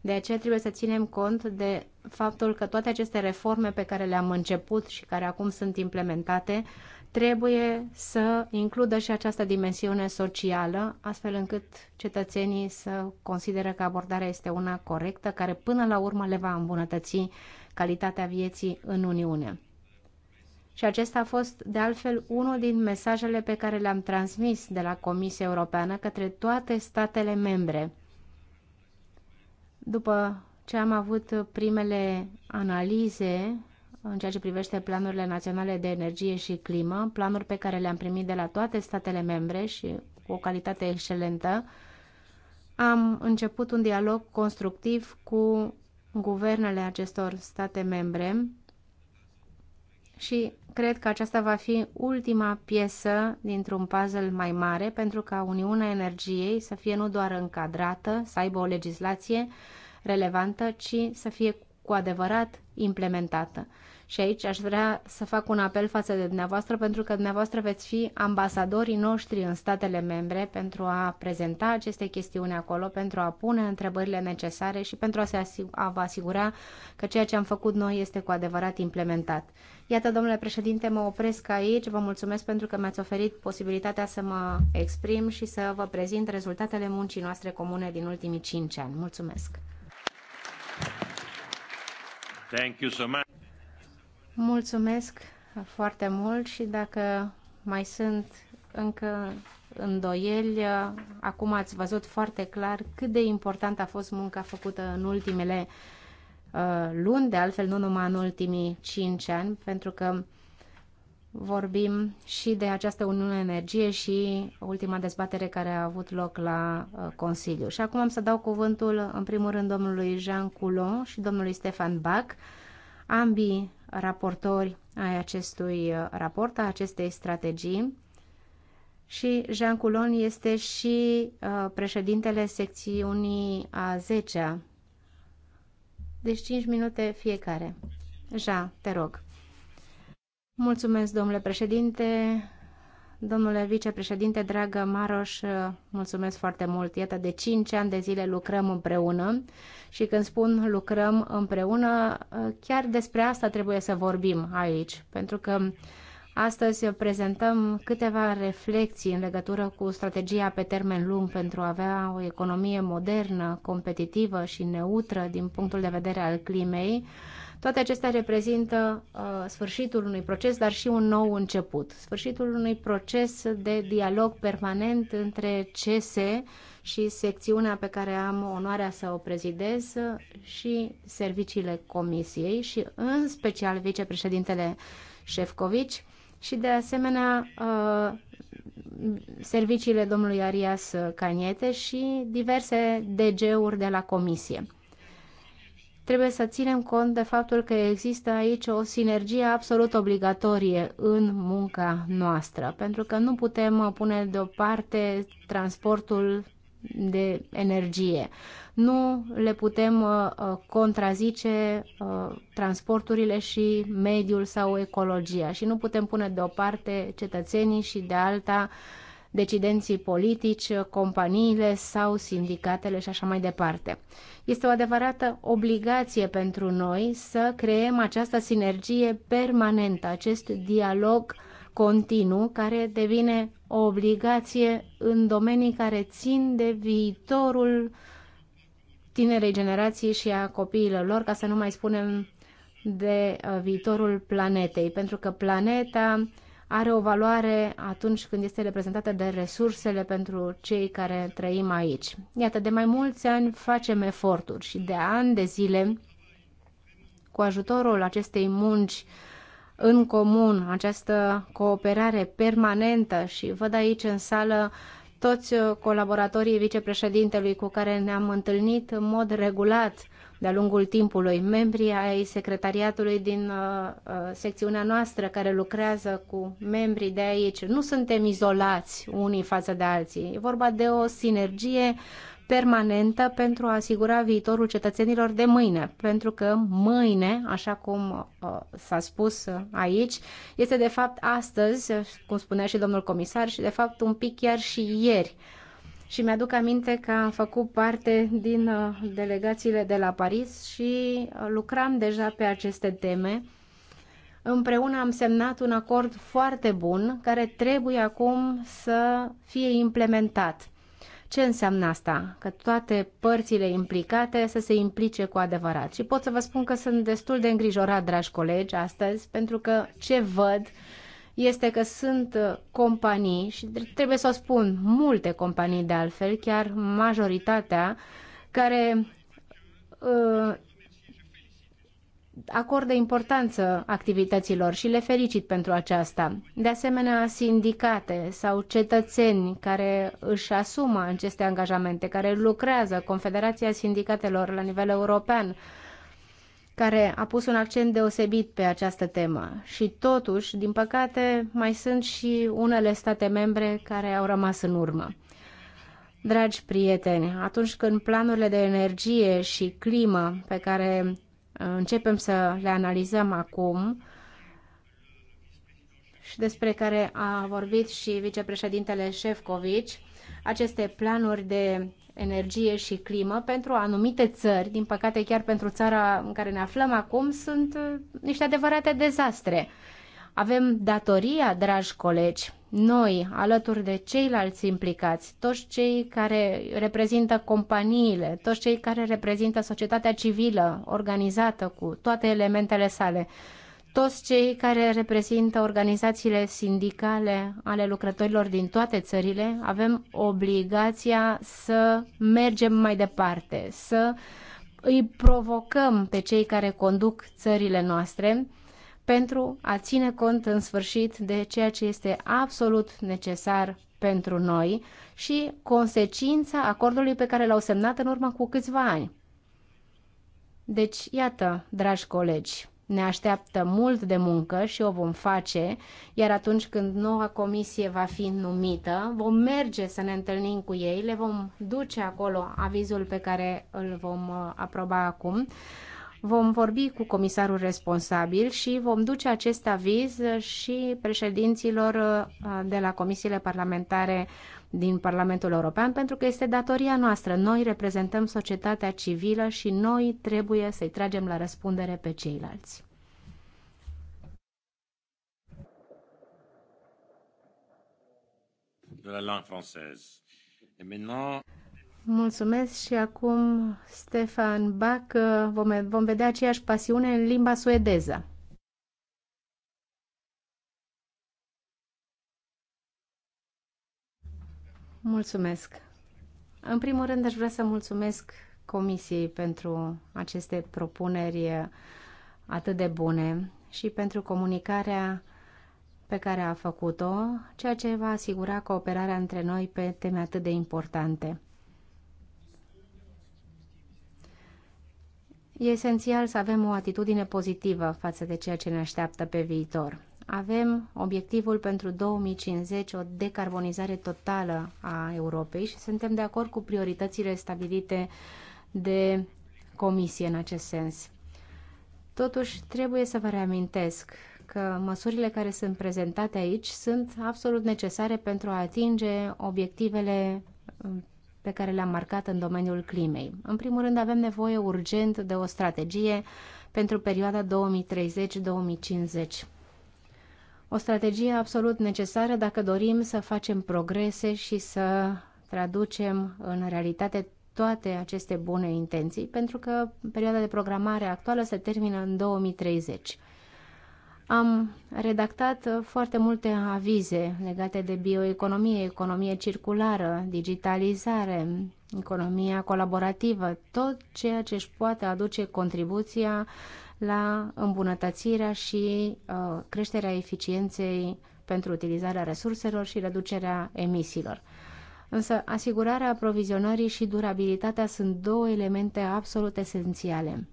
De aceea trebuie să ținem cont de faptul că toate aceste reforme pe care le-am început și care acum sunt implementate trebuie să includă și această dimensiune socială, astfel încât cetățenii să consideră că abordarea este una corectă, care până la urmă le va îmbunătăți calitatea vieții în Uniune. Și acesta a fost, de altfel, unul din mesajele pe care le-am transmis de la Comisia Europeană către toate statele membre. După ce am avut primele analize în ceea ce privește planurile naționale de energie și climă, planuri pe care le-am primit de la toate statele membre și cu o calitate excelentă, am început un dialog constructiv cu guvernele acestor state membre și cred că aceasta va fi ultima piesă dintr-un puzzle mai mare pentru ca Uniunea Energiei să fie nu doar încadrată, să aibă o legislație relevantă, ci să fie cu adevărat implementată. Și aici aș vrea să fac un apel față de dumneavoastră, pentru că dumneavoastră veți fi ambasadorii noștri în statele membre pentru a prezenta aceste chestiuni acolo, pentru a pune întrebările necesare și pentru a, se asig- a vă asigura că ceea ce am făcut noi este cu adevărat implementat. Iată, domnule președinte, mă opresc aici. Vă mulțumesc pentru că mi-ați oferit posibilitatea să mă exprim și să vă prezint rezultatele muncii noastre comune din ultimii cinci ani. Mulțumesc! Thank you so much. Mulțumesc uh, foarte mult și dacă mai sunt încă îndoieli, uh, acum ați văzut foarte clar cât de important a fost munca făcută în ultimele uh, luni, de altfel nu numai în ultimii 5 ani, pentru că vorbim și de această Uniune Energie și ultima dezbatere care a avut loc la Consiliu. Și acum am să dau cuvântul în primul rând domnului Jean Coulon și domnului Stefan Bach, ambii raportori ai acestui uh, raport, a acestei strategii și Jean Coulon este și uh, președintele secțiunii a 10-a. Deci 5 minute fiecare. Jean, te rog. Mulțumesc, domnule președinte, Domnule vicepreședinte, dragă Maroș, mulțumesc foarte mult. Iată, de 5 ani de zile lucrăm împreună și când spun lucrăm împreună, chiar despre asta trebuie să vorbim aici, pentru că astăzi prezentăm câteva reflexii în legătură cu strategia pe termen lung pentru a avea o economie modernă, competitivă și neutră din punctul de vedere al climei, toate acestea reprezintă uh, sfârșitul unui proces, dar și un nou început. Sfârșitul unui proces de dialog permanent între CS și secțiunea pe care am onoarea să o prezidez și serviciile comisiei și în special vicepreședintele Șefcovici și de asemenea uh, serviciile domnului Arias Caniete și diverse DG-uri de la comisie. Trebuie să ținem cont de faptul că există aici o sinergie absolut obligatorie în munca noastră, pentru că nu putem pune deoparte transportul de energie. Nu le putem uh, contrazice uh, transporturile și mediul sau ecologia și nu putem pune deoparte cetățenii și de alta uh, decidenții politici, companiile sau sindicatele și așa mai departe. Este o adevărată obligație pentru noi să creăm această sinergie permanentă, acest dialog continuu care devine o obligație în domenii care țin de viitorul tinerei generații și a copiilor lor, ca să nu mai spunem de uh, viitorul planetei, pentru că planeta are o valoare atunci când este reprezentată de resursele pentru cei care trăim aici. Iată, de mai mulți ani facem eforturi și de ani de zile, cu ajutorul acestei munci în comun, această cooperare permanentă și văd aici în sală toți colaboratorii vicepreședintelui cu care ne-am întâlnit în mod regulat de-a lungul timpului, membrii ai secretariatului din uh, uh, secțiunea noastră care lucrează cu membrii de aici. Nu suntem izolați unii față de alții. E vorba de o sinergie permanentă pentru a asigura viitorul cetățenilor de mâine, pentru că mâine, așa cum uh, s-a spus uh, aici, este de fapt astăzi, cum spunea și domnul comisar, și de fapt un pic chiar și ieri. Uh, și mi-aduc aminte că am făcut parte din uh, delegațiile de la Paris și uh, lucram deja pe aceste teme. Împreună am semnat un acord foarte bun care trebuie acum să fie implementat. Ce înseamnă asta? Că toate părțile implicate să se implice cu adevărat. Și pot să vă spun că sunt destul de îngrijorat, dragi colegi, astăzi, pentru că ce văd este că sunt uh, companii, și trebuie să o spun, multe companii de altfel, chiar majoritatea, care uh, acordă importanță activităților și le felicit pentru aceasta. De asemenea, sindicate sau cetățeni care își asumă aceste angajamente, care lucrează, Confederația Sindicatelor la nivel european, uh, care a pus un accent deosebit pe această temă. Și totuși, din păcate, mai sunt și unele state membre care au rămas în urmă. Dragi prieteni, atunci când planurile de energie și climă pe care uh, începem să le analizăm acum și despre care a vorbit și vicepreședintele Șefcovici, aceste planuri de energie și climă pentru anumite țări, din păcate chiar pentru țara în care ne aflăm acum, sunt uh, niște adevărate dezastre. Avem datoria, dragi colegi, noi, alături de ceilalți implicați, toți cei care reprezintă companiile, toți cei care reprezintă societatea civilă organizată cu toate elementele sale, toți cei care reprezintă organizațiile sindicale ale lucrătorilor din toate țările, avem obligația să mergem mai departe, să îi provocăm pe cei care conduc țările noastre pentru a ține cont în sfârșit de ceea ce este absolut necesar pentru noi și consecința acordului pe care l-au semnat în urmă cu câțiva ani. Deci, iată, dragi colegi, ne așteaptă mult de muncă și o vom face, iar atunci când noua comisie va fi numită, vom merge să ne întâlnim cu ei, le vom duce acolo avizul pe care îl vom uh, aproba acum vom vorbi cu comisarul responsabil și vom duce acest aviz și președinților uh, de la comisiile parlamentare din Parlamentul European, pentru că este datoria noastră. Noi reprezentăm societatea civilă și noi trebuie să-i tragem la răspundere pe ceilalți. De la langue française. Et maintenant... Mulțumesc și acum, Stefan Bach, uh, vom, vom vedea aceeași pasiune în limba suedeză. Mulțumesc. În primul rând aș vrea să mulțumesc Comisiei pentru aceste propuneri atât de bune și pentru comunicarea pe care a făcut-o, ceea ce va asigura cooperarea între noi pe teme atât de importante. E esențial să avem o atitudine pozitivă față de ceea ce ne așteaptă pe viitor avem obiectivul pentru 2050 o decarbonizare totală a Europei și suntem de acord cu prioritățile stabilite de Comisie în acest sens. Totuși, trebuie să vă reamintesc că măsurile care sunt prezentate aici sunt absolut necesare pentru a atinge obiectivele mm, pe care le-am marcat în domeniul climei. În primul rând, avem nevoie urgent de o strategie pentru perioada 2030-2050 o strategie absolut necesară dacă dorim să facem progrese și să traducem în realitate toate aceste bune intenții, pentru că perioada de programare actuală se termină în 2030. Am redactat foarte multe avize legate de bioeconomie, economie circulară, digitalizare, economia colaborativă, tot ceea ce își poate aduce contribuția la îmbunătățirea și uh, creșterea eficienței pentru utilizarea resurselor și reducerea emisiilor. Însă, asigurarea aprovizionării și durabilitatea sunt două elemente absolut esențiale.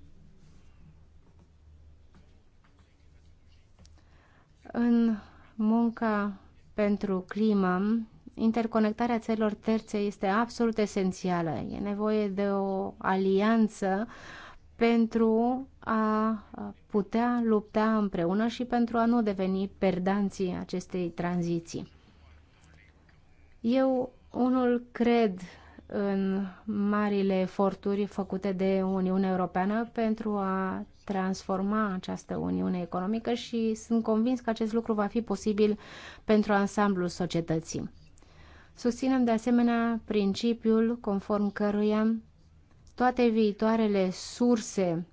În munca pentru climă, interconectarea țărilor terțe este absolut esențială. E nevoie de o alianță uh, pentru a putea lupta împreună și pentru a nu deveni perdanții acestei tranziții. Eu unul cred în marile eforturi făcute de Uniunea Europeană pentru a transforma această Uniune economică și sunt convins că acest lucru va fi posibil pentru ansamblul societății. Susținem de asemenea principiul conform căruia toate viitoarele surse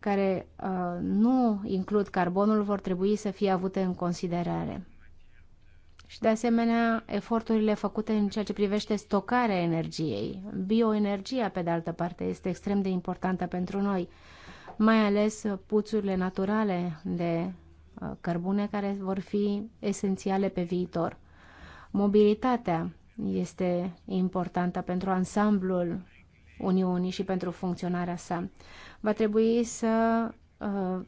care uh, nu includ carbonul vor trebui să fie avute în considerare. Și de asemenea, eforturile făcute în ceea ce privește stocarea energiei. Bioenergia, pe de altă parte, este extrem de importantă pentru noi, mai ales puțurile naturale de uh, cărbune care vor fi esențiale pe viitor. Mobilitatea este importantă pentru ansamblul Uniunii și pentru funcționarea sa. Va trebui să uh,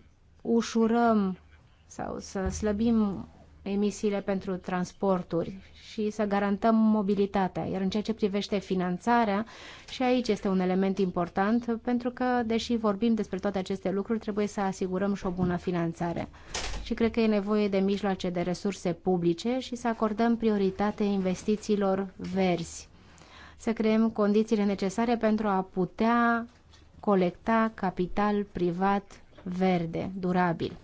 ușurăm sau să slăbim emisiile pentru transporturi și să garantăm mobilitatea. Iar în ceea ce privește finanțarea, și aici este un element important, pentru că, deși vorbim despre toate aceste lucruri, trebuie să asigurăm și o bună finanțare. Și cred că e nevoie de mijloace de resurse publice și să acordăm prioritate investițiilor verzi să creăm condițiile necesare pentru a putea colecta capital privat verde, durabil.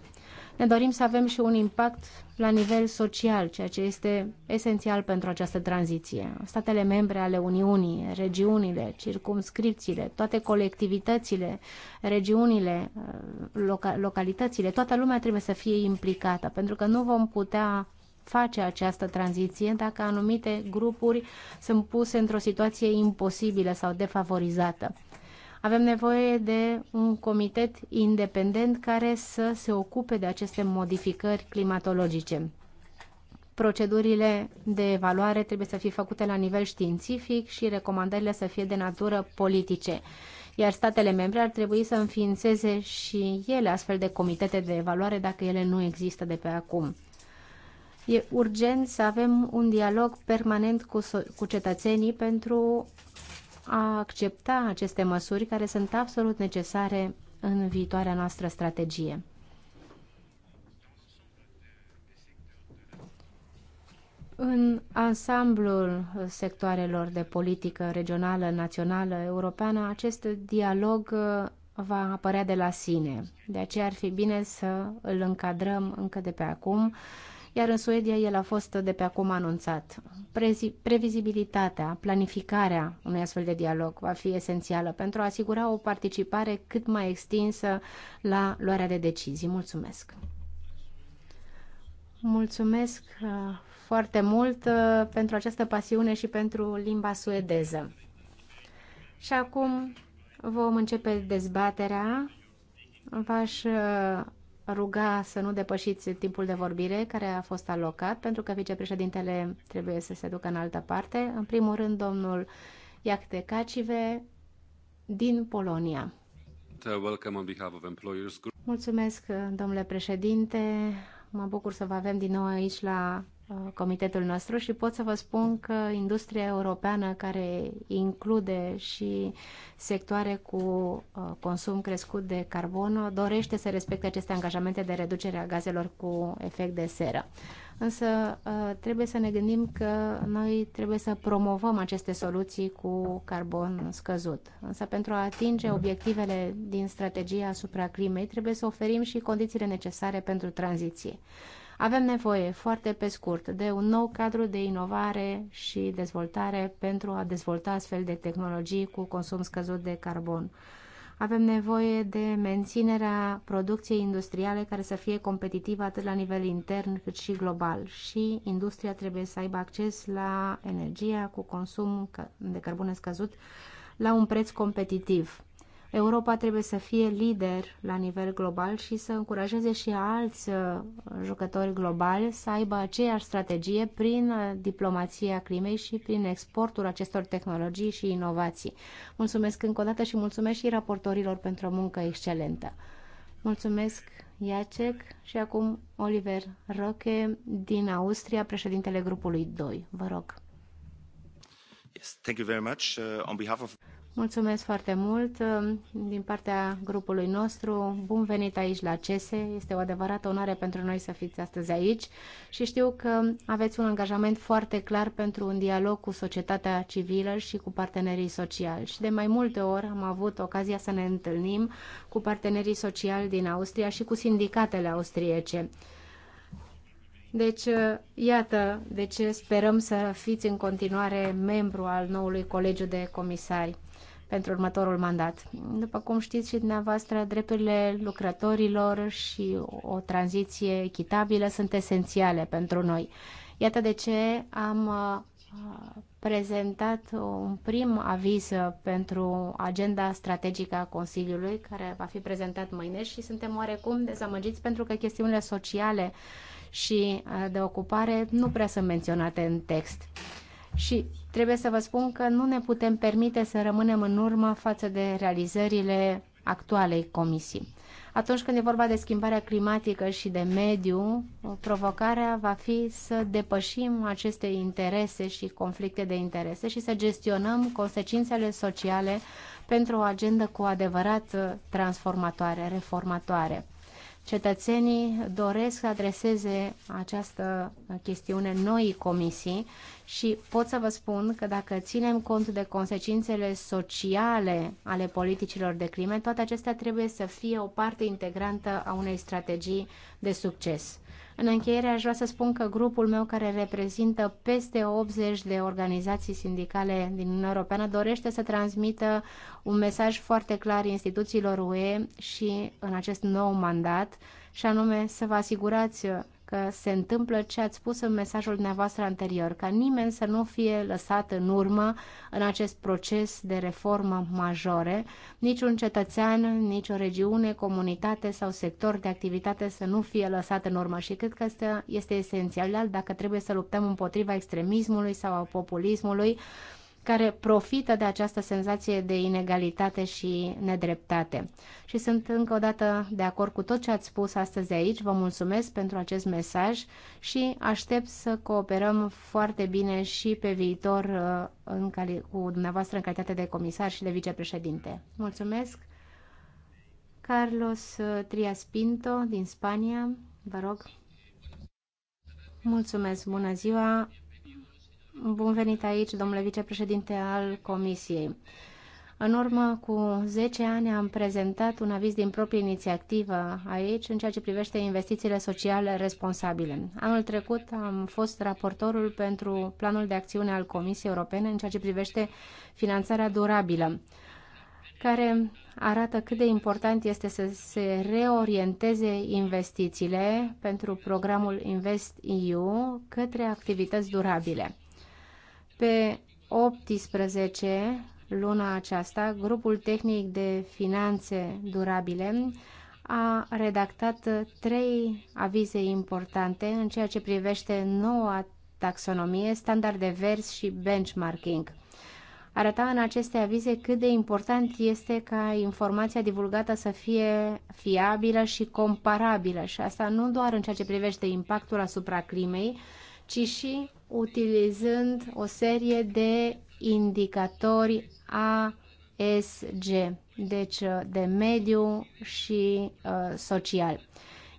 Ne dorim să avem și un impact la nivel social, ceea ce este esențial pentru această tranziție. Statele membre ale Uniunii, regiunile, circumscripțiile, toate colectivitățile, regiunile, loca- localitățile, toată lumea trebuie să fie implicată, pentru că nu vom putea face această tranziție dacă anumite grupuri sunt puse într-o situație imposibilă sau defavorizată. Avem nevoie de un comitet independent care să se ocupe de aceste modificări climatologice. Procedurile de evaluare trebuie să fie făcute la nivel științific și recomandările să fie de natură politice iar statele membre ar trebui să înființeze și ele astfel de comitete de evaluare dacă ele nu există de pe acum. E urgent să avem un dialog permanent cu, cu cetățenii pentru a accepta aceste măsuri care sunt absolut necesare în viitoarea noastră strategie. În ansamblul sectoarelor de politică regională, națională, europeană, acest dialog uh, va apărea de la sine. De aceea ar fi bine să îl încadrăm încă de pe acum iar în Suedia el a fost de pe acum anunțat. Prezi previzibilitatea, planificarea unui astfel de dialog va fi esențială pentru a asigura o participare cât mai extinsă la luarea de decizii. Mulțumesc! Mulțumesc uh, foarte mult uh, pentru această pasiune și pentru limba suedeză. Și acum vom începe dezbaterea. V-aș uh, ruga să nu depășiți timpul de vorbire care a fost alocat, pentru că vicepreședintele trebuie să se ducă în altă parte. În primul rând, domnul Iacte Cacive din Polonia. Mulțumesc, domnule președinte. Mă bucur să vă avem din nou aici la comitetul nostru și pot să vă spun că industria europeană care include și sectoare cu uh, consum crescut de carbon dorește să respecte aceste angajamente de reducere a gazelor cu efect de seră. Însă uh, trebuie să ne gândim că noi trebuie să promovăm aceste soluții cu carbon scăzut. Însă pentru a atinge obiectivele din strategia asupra climei trebuie să oferim și condițiile necesare pentru tranziție. Avem nevoie, foarte pe scurt, de un nou cadru de inovare și dezvoltare pentru a dezvolta astfel de tehnologii cu consum scăzut de carbon. Avem nevoie de menținerea producției industriale care să fie competitivă atât la nivel intern cât și global și industria trebuie să aibă acces la energia cu consum de carbon scăzut la un preț competitiv Europa trebuie să fie lider la nivel global și să încurajeze și alți uh, jucători globali să aibă aceeași strategie prin uh, diplomația crimei și prin exportul acestor tehnologii și inovații. Mulțumesc încă o dată și mulțumesc și raportorilor pentru o muncă excelentă. Mulțumesc, Iacek, și acum Oliver Roche din Austria, președintele grupului 2. Vă rog. Yes, thank you very much. Uh, on behalf of... Mulțumesc foarte mult um, din partea grupului nostru. Bun venit aici la CESE. Este o adevărată onoare pentru noi să fiți astăzi aici și știu că aveți un angajament foarte clar pentru un dialog cu societatea civilă și cu partenerii sociali. Și de mai multe ori am avut ocazia să ne întâlnim cu partenerii sociali din Austria și cu sindicatele austriece. Deci, uh, iată de ce sperăm să fiți în continuare membru al noului Colegiu de Comisari pentru următorul mandat. După cum știți și dumneavoastră, drepturile lucrătorilor și o tranziție echitabilă sunt esențiale pentru noi. Iată de ce am uh, prezentat un prim aviz pentru agenda strategică a Consiliului, care va fi prezentat mâine și suntem oarecum dezamăgiți pentru că chestiunile sociale și uh, de ocupare nu prea sunt menționate în text. Și trebuie să vă spun că nu ne putem permite să rămânem în urmă față de realizările actualei comisii. Atunci când e vorba de schimbarea climatică și de mediu, provocarea va fi să depășim aceste interese și conflicte de interese și să gestionăm consecințele sociale pentru o agendă cu adevărat transformatoare, reformatoare. Cetățenii doresc să adreseze această chestiune noii comisii și pot să vă spun că dacă ținem cont de consecințele sociale ale politicilor de crime, toate acestea trebuie să fie o parte integrantă a unei strategii de succes. În încheiere aș vrea să spun că grupul meu care reprezintă peste 80 de organizații sindicale din Uniunea Europeană dorește să transmită un mesaj foarte clar instituțiilor UE și în acest nou mandat și anume să vă asigurați că se întâmplă ce ați spus în mesajul dumneavoastră anterior, ca nimeni să nu fie lăsat în urmă în acest proces de reformă majore, niciun cetățean, nicio regiune, comunitate sau sector de activitate să nu fie lăsat în urmă și cred că asta este esențial dacă trebuie să luptăm împotriva extremismului sau a populismului, care profită de această senzație de inegalitate și nedreptate. Și sunt încă o dată de acord cu tot ce ați spus astăzi aici. Vă mulțumesc pentru acest mesaj și aștept să cooperăm foarte bine și pe viitor uh, în cali- cu dumneavoastră în calitate de comisar și de vicepreședinte. Mulțumesc! Carlos uh, Trias Pinto din Spania, vă rog. Mulțumesc, bună ziua! Bun venit aici, domnule vicepreședinte al Comisiei. În urmă cu 10 ani am prezentat un aviz din proprie inițiativă aici în ceea ce privește investițiile sociale responsabile. Anul trecut am fost raportorul pentru planul de acțiune al Comisiei Europene în ceea ce privește finanțarea durabilă care arată cât de important este să se reorienteze investițiile pentru programul InvestEU către activități durabile. Pe 18 luna aceasta, grupul tehnic de finanțe durabile a redactat trei avize importante în ceea ce privește noua taxonomie, standarde verzi și benchmarking. Arăta în aceste avize cât de important este ca informația divulgată să fie fiabilă și comparabilă și asta nu doar în ceea ce privește impactul asupra climei, ci și utilizând o serie de indicatori ASG, deci uh, de mediu și uh, social.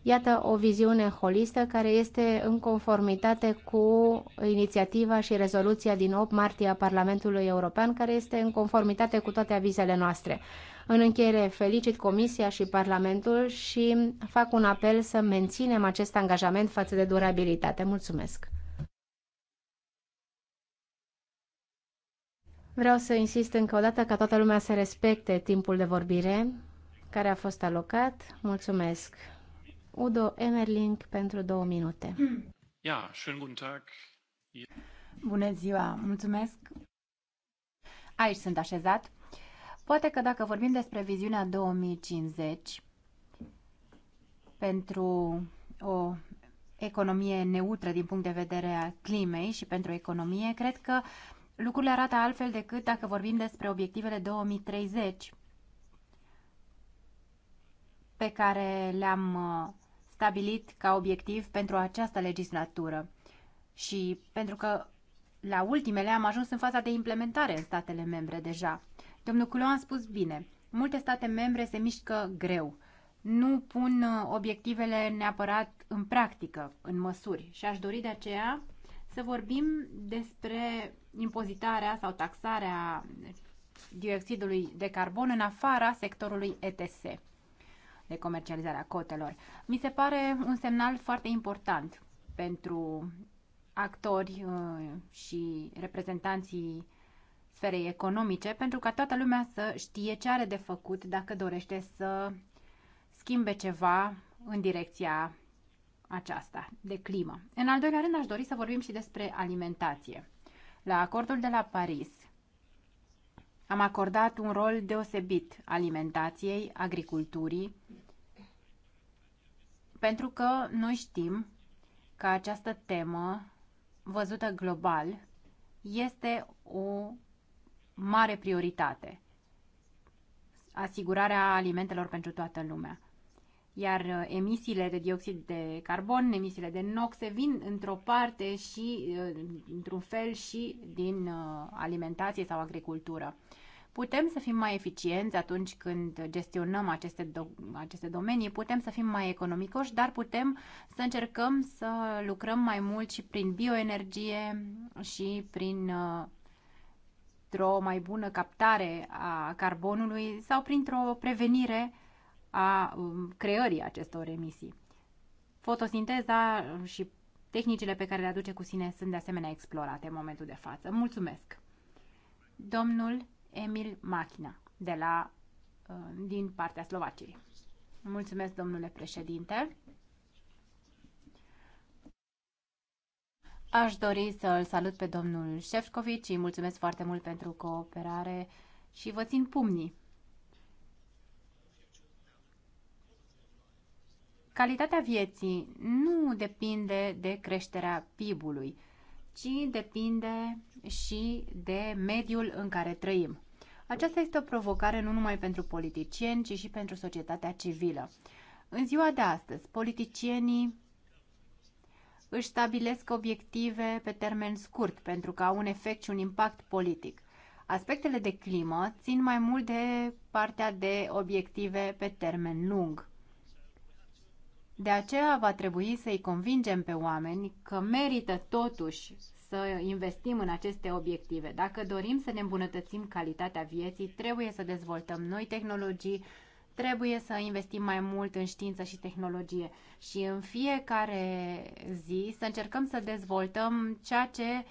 Iată o viziune holistă care este în conformitate cu inițiativa și rezoluția din 8 martie a Parlamentului European, care este în conformitate cu toate avizele noastre. În încheiere, felicit Comisia și Parlamentul și fac un apel să menținem acest angajament față de durabilitate. Mulțumesc! Vreau să insist încă o dată ca toată lumea să respecte timpul de vorbire care a fost alocat. Mulțumesc. Udo Emerling pentru două minute. Ja, schönen guten Tag. Bună ziua, mulțumesc. Aici sunt așezat. Poate că dacă vorbim despre viziunea 2050 pentru o economie neutră din punct de vedere al climei și pentru economie, cred că Lucrurile arată altfel decât dacă vorbim despre obiectivele 2030 pe care le-am uh, stabilit ca obiectiv pentru această legislatură. Și pentru că la ultimele am ajuns în faza de implementare în statele membre deja. Domnul Culo a spus bine, multe state membre se mișcă greu, nu pun uh, obiectivele neapărat în practică, în măsuri și aș dori de aceea să vorbim despre impozitarea sau taxarea dioxidului de carbon în afara sectorului ETS de comercializare a cotelor. Mi se pare un semnal foarte important pentru actori uh, și reprezentanții sferei economice, pentru ca toată lumea să știe ce are de făcut dacă dorește să schimbe ceva în direcția aceasta de climă. În al doilea rând, aș dori să vorbim și despre alimentație. La acordul de la Paris am acordat un rol deosebit alimentației, agriculturii, pentru că noi știm că această temă, văzută global, este o mare prioritate. Asigurarea alimentelor pentru toată lumea iar uh, emisiile de dioxid de carbon, emisiile de noxe vin într-o parte și, uh, într-un fel, și din uh, alimentație sau agricultură. Putem să fim mai eficienți atunci când gestionăm aceste, do- aceste domenii, putem să fim mai economicoși, dar putem să încercăm să lucrăm mai mult și prin bioenergie și prin o mai bună captare a carbonului sau printr-o prevenire a um, creării acestor emisii. Fotosinteza și tehnicile pe care le aduce cu sine sunt de asemenea explorate în momentul de față. Mulțumesc! Domnul Emil Machina, de la, uh, din partea Slovaciei. Mulțumesc, domnule președinte! Aș dori să-l salut pe domnul Șefcovici și mulțumesc foarte mult pentru cooperare și vă țin pumnii Calitatea vieții nu depinde de creșterea PIB-ului, ci depinde și de mediul în care trăim. Aceasta este o provocare nu numai pentru politicieni, ci și pentru societatea civilă. În ziua de astăzi, politicienii își stabilesc obiective pe termen scurt pentru că au un efect și un impact politic. Aspectele de climă țin mai mult de partea de obiective pe termen lung. De aceea va trebui să-i convingem pe oameni că merită totuși să investim în aceste obiective. Dacă dorim să ne îmbunătățim calitatea vieții, trebuie să dezvoltăm noi tehnologii, trebuie să investim mai mult în știință și tehnologie și în fiecare zi să încercăm să dezvoltăm ceea ce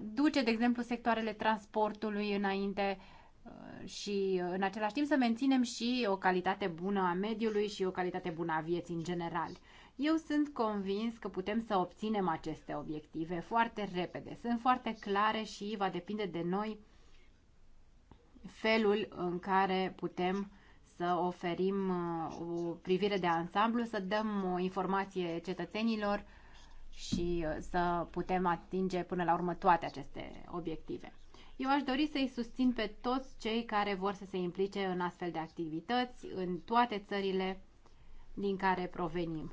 duce, de exemplu, sectoarele transportului înainte, Uh, și uh, în același timp să menținem și o calitate bună a mediului și o calitate bună a vieții în general. Eu sunt convins că putem să obținem aceste obiective foarte repede. Sunt foarte clare și va depinde de noi felul în care putem să oferim uh, o privire de ansamblu, să dăm o informație cetățenilor și să putem atinge până la urmă toate aceste obiective. Eu aș dori să-i susțin pe toți cei care vor să se implice în astfel de activități în toate țările din care provenim.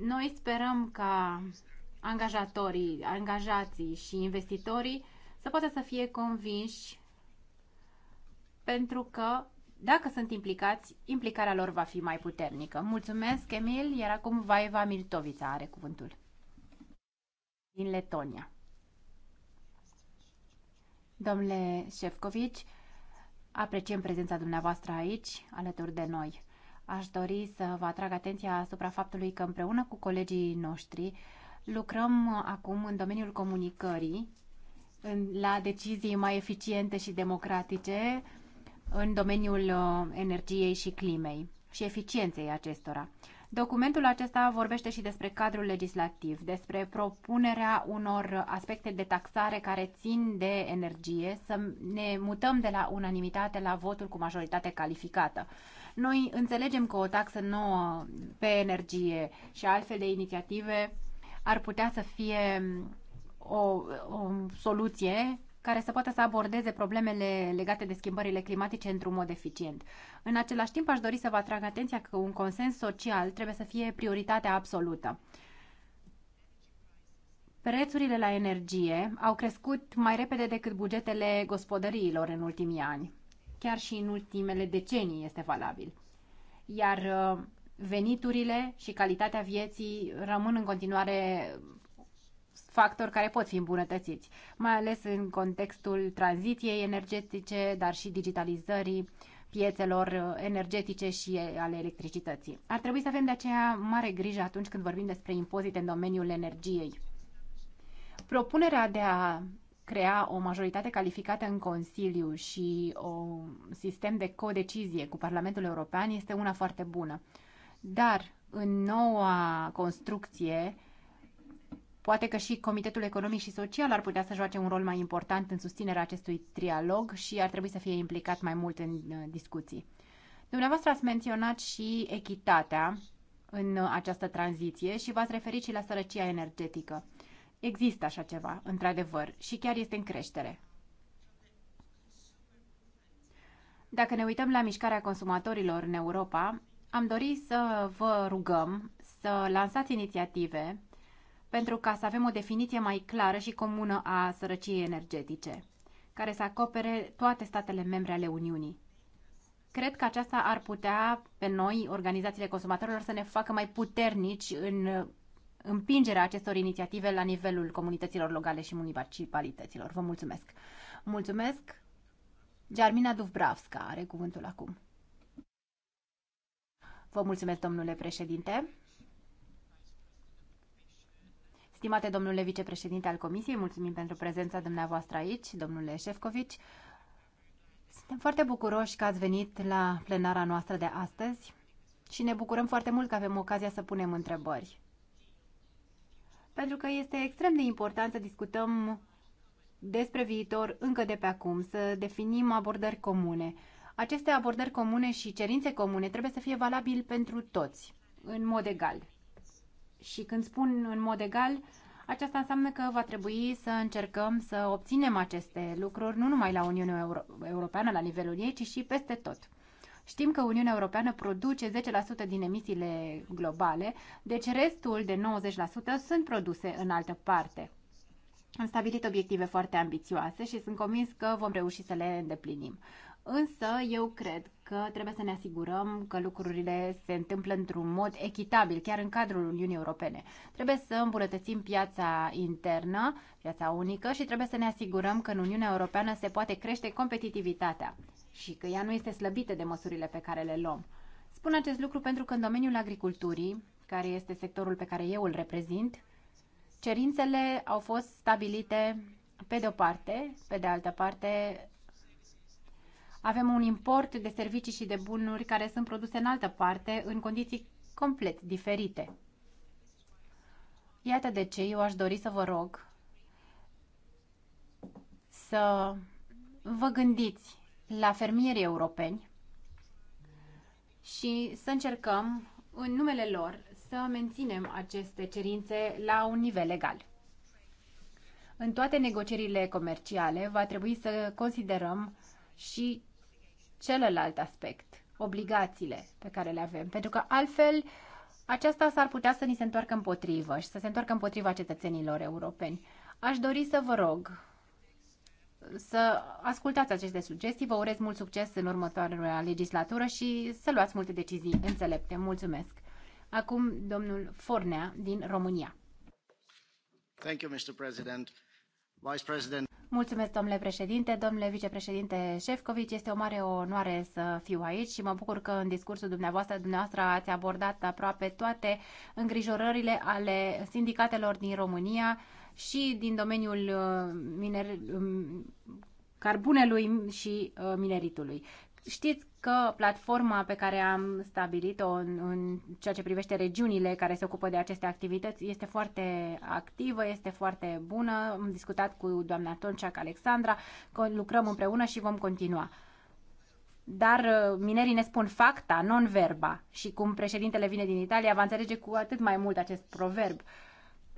Noi sperăm ca angajatorii, angajații și investitorii să poată să fie convinși pentru că dacă sunt implicați, implicarea lor va fi mai puternică. Mulțumesc, Emil, iar acum Vaiva Miltovița are cuvântul. Din Letonia. Domnule Șefcovici, apreciem prezența dumneavoastră aici, alături de noi. Aș dori să vă atrag atenția asupra faptului că împreună cu colegii noștri lucrăm acum în domeniul comunicării la decizii mai eficiente și democratice în domeniul uh, energiei și climei și eficienței acestora. Documentul acesta vorbește și despre cadrul legislativ, despre propunerea unor aspecte de taxare care țin de energie, să ne mutăm de la unanimitate la votul cu majoritate calificată. Noi înțelegem că o taxă nouă pe energie și altfel de inițiative ar putea să fie o, o soluție care să poată să abordeze problemele legate de schimbările climatice într-un mod eficient. În același timp, aș dori să vă atrag atenția că un consens social trebuie să fie prioritatea absolută. Prețurile la energie au crescut mai repede decât bugetele gospodăriilor în ultimii ani. Chiar și în ultimele decenii este valabil. Iar uh, veniturile și calitatea vieții rămân în continuare factori care pot fi îmbunătățiți, mai ales în contextul tranziției energetice, dar și digitalizării piețelor energetice și ale electricității. Ar trebui să avem de aceea mare grijă atunci când vorbim despre impozite în domeniul energiei. Propunerea de a crea o majoritate calificată în Consiliu și un sistem de codecizie cu Parlamentul European este una foarte bună. Dar în noua construcție Poate că și Comitetul Economic și Social ar putea să joace un rol mai important în susținerea acestui trialog și ar trebui să fie implicat mai mult în uh, discuții. Dumneavoastră ați menționat și echitatea în uh, această tranziție și v-ați referit și la sărăcia energetică. Există așa ceva, într-adevăr, și chiar este în creștere. Dacă ne uităm la mișcarea consumatorilor în Europa, am dorit să vă rugăm să lansați inițiative pentru ca să avem o definiție mai clară și comună a sărăciei energetice, care să acopere toate statele membre ale Uniunii. Cred că aceasta ar putea pe noi, organizațiile consumatorilor, să ne facă mai puternici în împingerea acestor inițiative la nivelul comunităților locale și municipalităților. Vă mulțumesc! Mulțumesc! Germina Dubravska are cuvântul acum. Vă mulțumesc, domnule președinte! Stimate domnule vicepreședinte al Comisiei, mulțumim pentru prezența dumneavoastră aici, domnule Șefcovici. Suntem foarte bucuroși că ați venit la plenara noastră de astăzi și ne bucurăm foarte mult că avem ocazia să punem întrebări. Pentru că este extrem de important să discutăm despre viitor încă de pe acum, să definim abordări comune. Aceste abordări comune și cerințe comune trebuie să fie valabili pentru toți, în mod egal. Și când spun în mod egal, aceasta înseamnă că va trebui să încercăm să obținem aceste lucruri nu numai la Uniunea Euro- Europeană, la nivelul ei, ci și peste tot. Știm că Uniunea Europeană produce 10% din emisiile globale, deci restul de 90% sunt produse în altă parte. Am stabilit obiective foarte ambițioase și sunt convins că vom reuși să le îndeplinim. Însă eu cred că trebuie să ne asigurăm că lucrurile se întâmplă într-un mod echitabil, chiar în cadrul Uniunii Europene. Trebuie să îmbunătățim piața internă, piața unică și trebuie să ne asigurăm că în Uniunea Europeană se poate crește competitivitatea și că ea nu este slăbită de măsurile pe care le luăm. Spun acest lucru pentru că în domeniul agriculturii, care este sectorul pe care eu îl reprezint, cerințele au fost stabilite pe de o parte, pe de altă parte avem un import de servicii și de bunuri care sunt produse în altă parte, în condiții complet diferite. Iată de ce eu aș dori să vă rog să vă gândiți la fermierii europeni și să încercăm, în numele lor, să menținem aceste cerințe la un nivel legal. În toate negocierile comerciale va trebui să considerăm și celălalt aspect, obligațiile pe care le avem, pentru că altfel aceasta s-ar putea să ni se întoarcă împotrivă și să se întoarcă împotriva cetățenilor europeni. Aș dori să vă rog să ascultați aceste sugestii, vă urez mult succes în următoarea legislatură și să luați multe decizii înțelepte. Mulțumesc! Acum domnul Fornea din România. Thank you, Mr. President. Vice President. Mulțumesc, domnule președinte, domnule vicepreședinte Șefcovici. Este o mare onoare să fiu aici și mă bucur că în discursul dumneavoastră, dumneavoastră ați abordat aproape toate îngrijorările ale sindicatelor din România și din domeniul uh, miner, um, carbunelui și uh, mineritului. Știți că platforma pe care am stabilit-o în, în ceea ce privește regiunile care se ocupă de aceste activități este foarte activă, este foarte bună. Am discutat cu doamna Tonceac Alexandra, lucrăm împreună și vom continua. Dar uh, minerii ne spun facta, non verba. Și cum președintele vine din Italia, va înțelege cu atât mai mult acest proverb. Uh,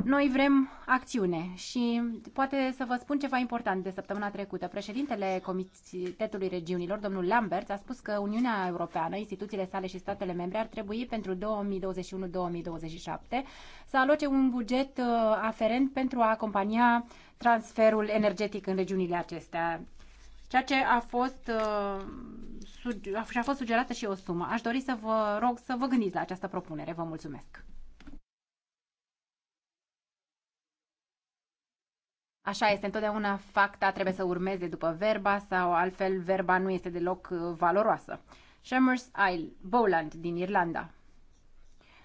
noi vrem acțiune și poate să vă spun ceva important de săptămâna trecută. Președintele Comitetului Regiunilor, domnul Lambert, a spus că Uniunea Europeană, instituțiile sale și statele membre ar trebui pentru 2021-2027 să aloce un buget uh, aferent pentru a acompania transferul energetic în regiunile acestea ceea ce a fost, și uh, a fost sugerată și o sumă. Aș dori să vă rog să vă gândiți la această propunere. Vă mulțumesc! Așa este, întotdeauna facta trebuie să urmeze după verba sau altfel verba nu este deloc uh, valoroasă. Shemers Isle, Bowland, din Irlanda.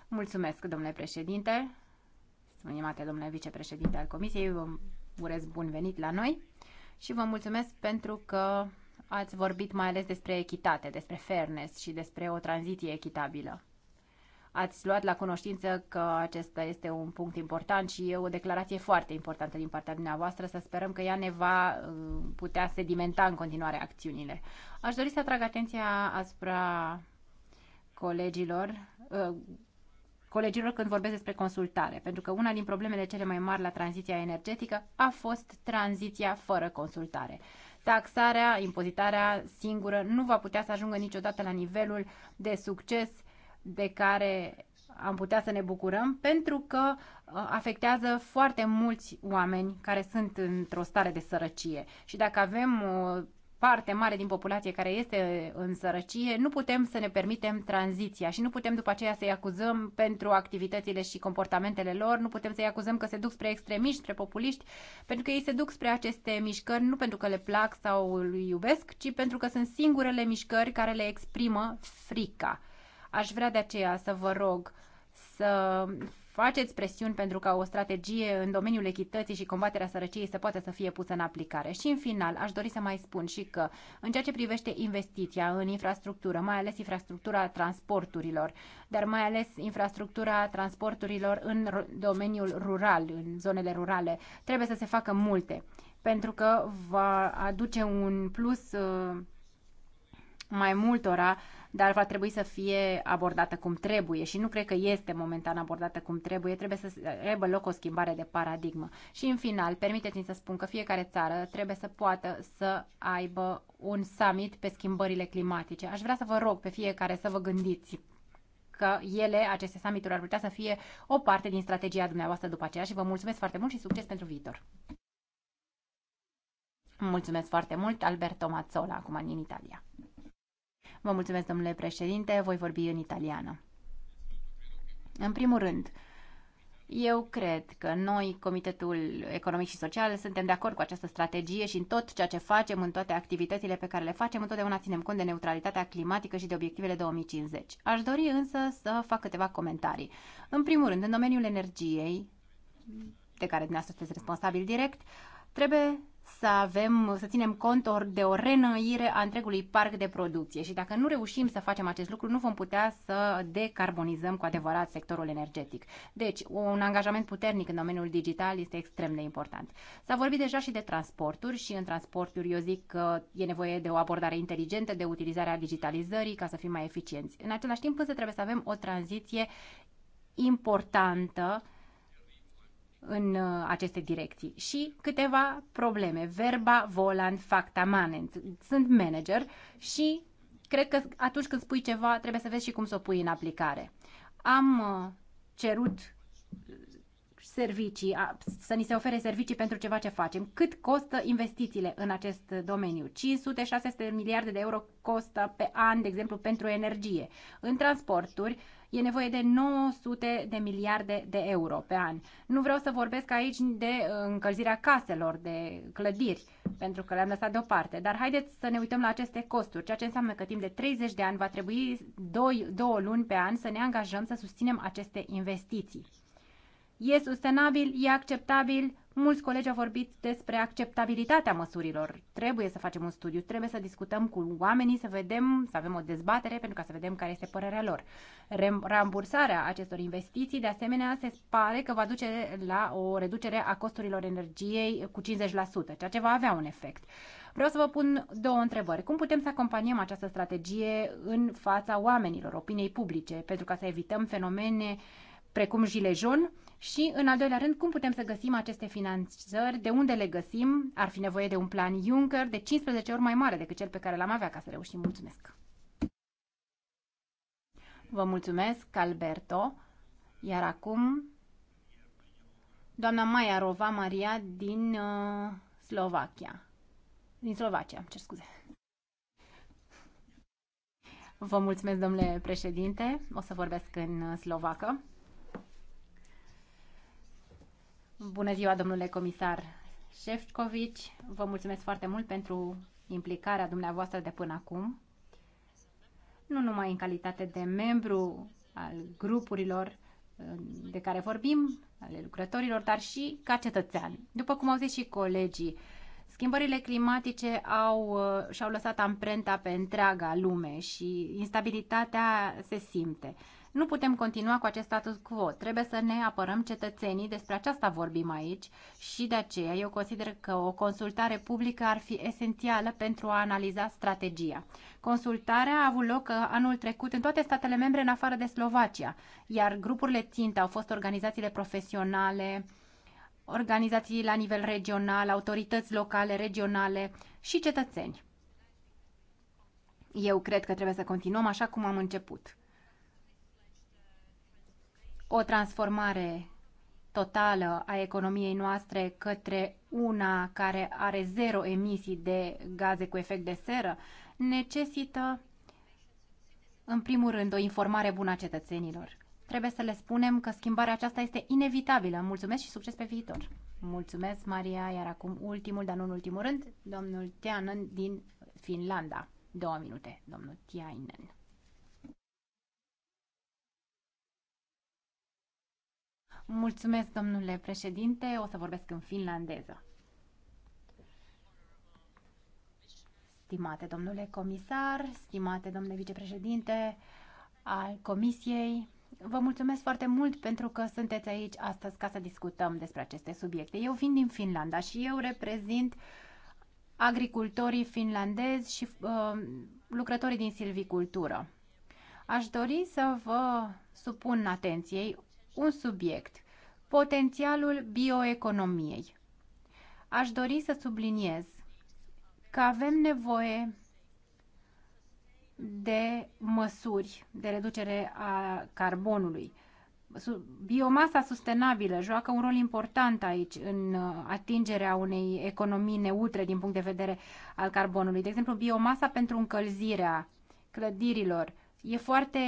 Mulțumesc, domnule președinte. Stimate domnule vicepreședinte al Comisiei, vă urez bun venit la noi și vă mulțumesc pentru că ați vorbit mai ales despre echitate, despre fairness și despre o tranziție echitabilă ați luat la cunoștință că acesta este un punct important și e o declarație foarte importantă din partea dumneavoastră. Să sperăm că ea ne va uh, putea sedimenta în continuare acțiunile. Aș dori să atrag atenția asupra colegilor, uh, colegilor când vorbesc despre consultare, pentru că una din problemele cele mai mari la tranziția energetică a fost tranziția fără consultare. Taxarea, impozitarea singură nu va putea să ajungă niciodată la nivelul de succes uh, de care am putea să ne bucurăm pentru că uh, afectează foarte mulți oameni care sunt într-o stare de sărăcie. Și dacă avem o parte mare din populație care este în sărăcie, nu putem să ne permitem tranziția și nu putem după aceea să-i acuzăm pentru activitățile și comportamentele lor, nu putem să-i acuzăm că se duc spre extremiști, spre populiști, pentru că ei se duc spre aceste mișcări nu pentru că le plac sau îl iubesc, ci pentru că sunt singurele mișcări care le exprimă frica. Aș vrea de aceea să vă rog să faceți presiuni pentru ca o strategie în domeniul echității și combaterea sărăciei să poată să fie pusă în aplicare. Și în final, aș dori să mai spun și că în ceea ce privește investiția în infrastructură, mai ales infrastructura transporturilor, dar mai ales infrastructura transporturilor în domeniul rural, în zonele rurale, trebuie să se facă multe, pentru că va aduce un plus uh, mai multora dar va trebui să fie abordată cum trebuie și nu cred că este momentan abordată cum trebuie, trebuie să aibă loc o schimbare de paradigmă. Și în final, permiteți-mi să spun că fiecare țară trebuie să poată să aibă un summit pe schimbările climatice. Aș vrea să vă rog pe fiecare să vă gândiți că ele, aceste summituri, ar putea să fie o parte din strategia dumneavoastră după aceea și vă mulțumesc foarte mult și succes pentru viitor. Mulțumesc foarte mult, Alberto Mazzola, acum în Italia. Vă mulțumesc, domnule președinte, voi vorbi în italiană. În primul rând, eu cred că noi, Comitetul Economic și Social, suntem de acord cu această strategie și în tot ceea ce facem, în toate activitățile pe care le facem, întotdeauna ținem cont de neutralitatea climatică și de obiectivele 2050. Aș dori însă să fac câteva comentarii. În primul rând, în domeniul energiei, de care dumneavoastră sunteți responsabil direct, trebuie să avem, să ținem cont de o renăire a întregului parc de producție și dacă nu reușim să facem acest lucru, nu vom putea să decarbonizăm cu adevărat sectorul energetic. Deci, un angajament puternic în domeniul digital este extrem de important. S-a vorbit deja și de transporturi și în transporturi eu zic că e nevoie de o abordare inteligentă, de utilizarea digitalizării ca să fim mai eficienți. În același timp, însă, trebuie să avem o tranziție importantă în uh, aceste direcții. Și câteva probleme. Verba volant facta manent. Sunt manager și cred că atunci când spui ceva, trebuie să vezi și cum să o pui în aplicare. Am uh, cerut servicii, să ni se ofere servicii pentru ceva ce facem. Cât costă investițiile în acest domeniu? 500-600 miliarde de euro costă pe an, de exemplu, pentru energie. În transporturi, e nevoie de 900 de miliarde de euro pe an. Nu vreau să vorbesc aici de uh, încălzirea caselor, de clădiri, pentru că le-am lăsat deoparte, dar haideți să ne uităm la aceste costuri, ceea ce înseamnă că timp de 30 de ani va trebui 2, 2 luni pe an să ne angajăm să susținem aceste investiții. E sustenabil, e acceptabil, Mulți colegi au vorbit despre acceptabilitatea măsurilor. Trebuie să facem un studiu, trebuie să discutăm cu oamenii, să vedem, să avem o dezbatere pentru ca să vedem care este părerea lor. Rambursarea acestor investiții, de asemenea, se pare că va duce la o reducere a costurilor energiei cu 50%, ceea ce va avea un efect. Vreau să vă pun două întrebări. Cum putem să acompaniem această strategie în fața oamenilor, opiniei publice, pentru ca să evităm fenomene uh, precum Gilejon? Și, în al doilea rând, cum putem să găsim aceste finanțări? De unde le găsim? Ar fi nevoie de un plan Juncker de 15 ori mai mare decât cel pe care l-am avea ca să reușim. Mulțumesc! Vă mulțumesc, Alberto. Iar acum, doamna Maia Rova Maria din uh, Slovacia. Din Slovacia, cer scuze. Vă mulțumesc, domnule președinte. O să vorbesc în slovacă. Bună ziua, domnule comisar Șefcovici. Vă mulțumesc foarte mult pentru implicarea dumneavoastră de până acum, nu numai în calitate de membru al grupurilor uh, de care vorbim, ale lucrătorilor, dar și ca cetățean. După cum au zis și colegii, schimbările climatice au, uh, și-au lăsat amprenta pe întreaga lume și instabilitatea se simte. Nu putem continua cu acest status quo. Trebuie să ne apărăm cetățenii, despre aceasta vorbim aici și de aceea eu consider că o consultare publică ar fi esențială pentru a analiza strategia. Consultarea a avut loc uh, anul trecut în toate statele membre în afară de Slovacia, iar grupurile țintă au fost organizațiile profesionale, organizații la nivel regional, autorități locale, regionale și cetățeni. Eu cred că trebuie să continuăm așa cum am început o transformare totală a economiei noastre către una care are zero emisii de gaze cu efect de seră necesită, în primul rând, o informare bună a cetățenilor. Trebuie să le spunem că schimbarea aceasta este inevitabilă. Mulțumesc și succes pe viitor! Mulțumesc, Maria, iar acum ultimul, dar nu în ultimul rând, domnul Teanen din Finlanda. Două minute, domnul Tiainen. Mulțumesc, domnule președinte. O să vorbesc în finlandeză. Stimate domnule comisar, stimate domnule vicepreședinte al comisiei, vă mulțumesc foarte mult pentru că sunteți aici astăzi ca să discutăm despre aceste subiecte. Eu vin din Finlanda și eu reprezint agricultorii finlandezi și uh, lucrătorii din silvicultură. Aș dori să vă supun atenției un subiect, potențialul bioeconomiei. Aș dori să subliniez că avem nevoie de măsuri de reducere a carbonului. Biomasa sustenabilă joacă un rol important aici în uh, atingerea unei economii neutre din punct de vedere al carbonului. De exemplu, biomasa pentru încălzirea clădirilor e foarte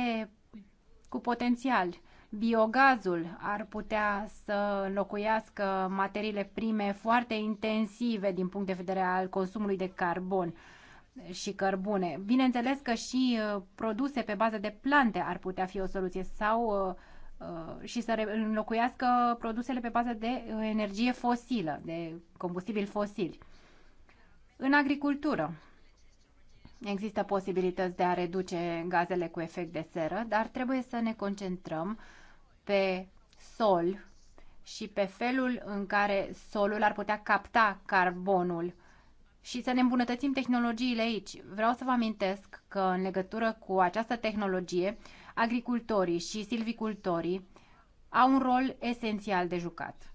cu potențial Biogazul ar putea să înlocuiască materiile prime foarte intensive din punct de vedere al consumului de carbon și cărbune. Bineînțeles că și uh, produse pe bază de plante ar putea fi o soluție sau uh, uh, și să înlocuiască produsele pe bază de energie fosilă, de combustibil fosil. În agricultură există posibilități de a reduce gazele cu efect de seră, dar trebuie să ne concentrăm pe sol și pe felul în care solul ar putea capta carbonul și să ne îmbunătățim tehnologiile aici. Vreau să vă amintesc că în legătură cu această tehnologie, agricultorii și silvicultorii au un rol esențial de jucat.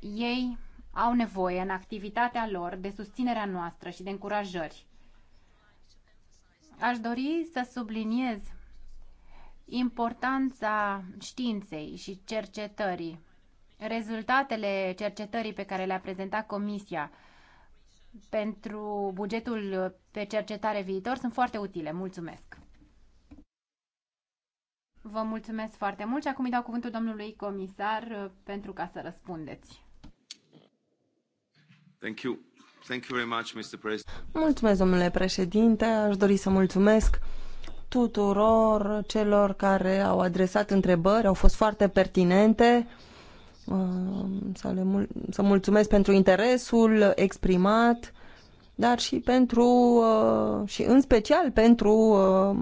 Ei au nevoie în activitatea lor de susținerea noastră și de încurajări. Aș dori să subliniez importanța științei și cercetării, rezultatele cercetării pe care le-a prezentat Comisia pentru bugetul pe cercetare viitor sunt foarte utile. Mulțumesc! Vă mulțumesc foarte mult și acum îi dau cuvântul domnului comisar pentru ca să răspundeți. Thank you. Thank you very much, Mr. President. Mulțumesc, domnule președinte. Aș dori să mulțumesc tuturor celor care au adresat întrebări, au fost foarte pertinente. Să, le mul- să mulțumesc pentru interesul exprimat, dar și pentru uh, și în special pentru uh,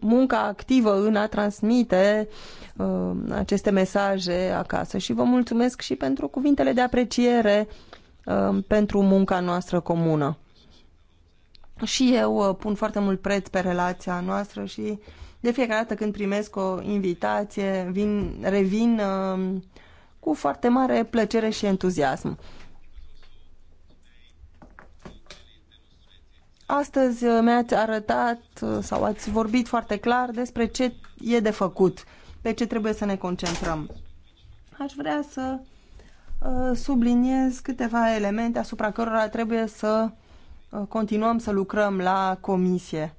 munca activă în a transmite uh, aceste mesaje acasă. Și vă mulțumesc și pentru cuvintele de apreciere pentru munca noastră comună. Și eu uh, pun foarte mult preț pe relația noastră și de fiecare dată când primesc o invitație, vin, revin uh, cu foarte mare plăcere și entuziasm. Astăzi uh, mi-ați arătat sau ați vorbit foarte clar despre ce e de făcut, pe ce trebuie să ne concentrăm. Aș vrea să subliniez câteva elemente asupra cărora trebuie să uh, Uh, continuăm să lucrăm la comisie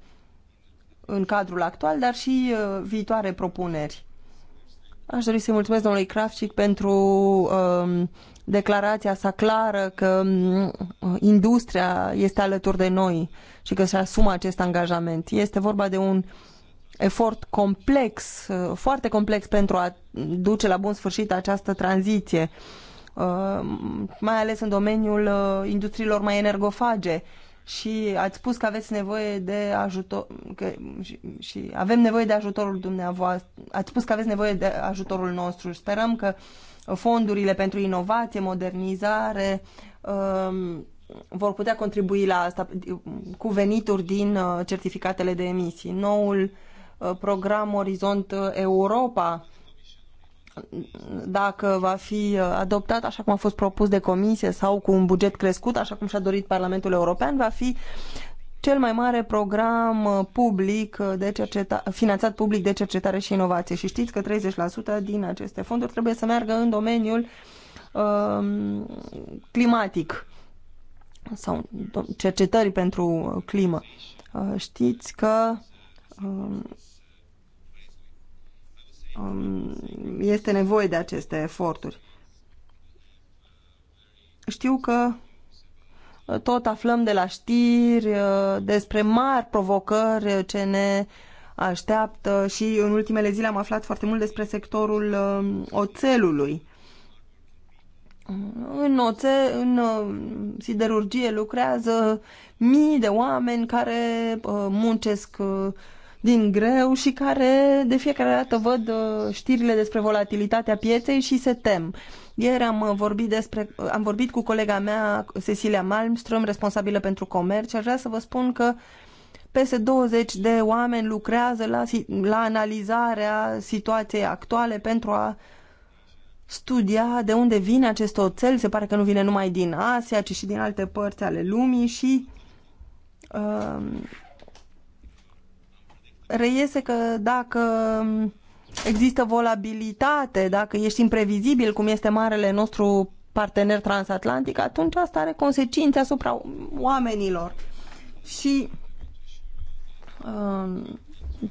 în cadrul actual, dar și uh, viitoare propuneri. Aș dori să-i mulțumesc domnului Krafcic pentru um, declarația sa clară că um, industria este alături de noi și că se asumă acest angajament. Este vorba de un efort complex, uh, foarte complex pentru a duce la bun sfârșit această tranziție. Uh, Uh, mai ales în domeniul uh, industriilor mai energofage. Și ați spus că aveți nevoie de ajutor, că, și, și avem nevoie de ajutorul dumneavoastră, ați spus că aveți nevoie de ajutorul nostru. Sperăm că fondurile pentru inovație, modernizare, um, vor putea contribui la asta cu venituri din uh, certificatele de emisii. Noul program Orizont Europa dacă va fi uh, adoptat așa cum a fost propus de comisie sau cu un buget crescut, așa cum și-a dorit Parlamentul European, va fi cel mai mare program uh, public uh, de cerceta- finanțat public de cercetare și inovație. Și știți că 30% din aceste fonduri trebuie să meargă în domeniul um, climatic sau cercetării pentru climă. știți că um, Um, este nevoie de aceste eforturi. Știu că uh, tot aflăm de la știri uh, despre mari provocări uh, ce ne așteaptă și în ultimele zile am aflat foarte mult despre sectorul um, oțelului. În, oțe, în siderurgie lucrează mii de oameni care muncesc din greu și care de fiecare dată văd uh, știrile despre volatilitatea pieței și se tem. Ieri am uh, vorbit, despre, uh, am vorbit cu colega mea, Cecilia Malmström, responsabilă pentru comerț aș vrea să vă spun că peste 20 de oameni lucrează la, la analizarea situației actuale pentru a studia de unde vine acest oțel. Se pare că nu vine numai din Asia, ci și din alte părți ale lumii și uh, reiese că dacă există volabilitate, dacă ești imprevizibil, cum este marele nostru partener transatlantic, atunci asta are consecințe asupra oamenilor. Și um,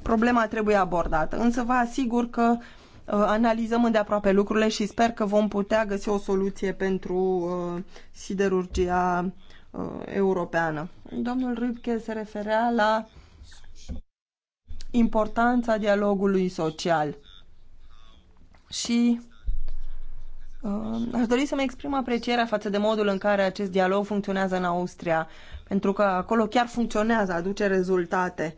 problema trebuie abordată. Însă vă asigur că uh, analizăm îndeaproape lucrurile și sper că vom putea găsi o soluție pentru uh, siderurgia uh, europeană. Domnul Rübke se referea la uh, importanța dialogului social. Și uh, aș dori să-mi exprim aprecierea față de modul în care acest dialog funcționează în Austria, pentru că acolo chiar funcționează, aduce rezultate.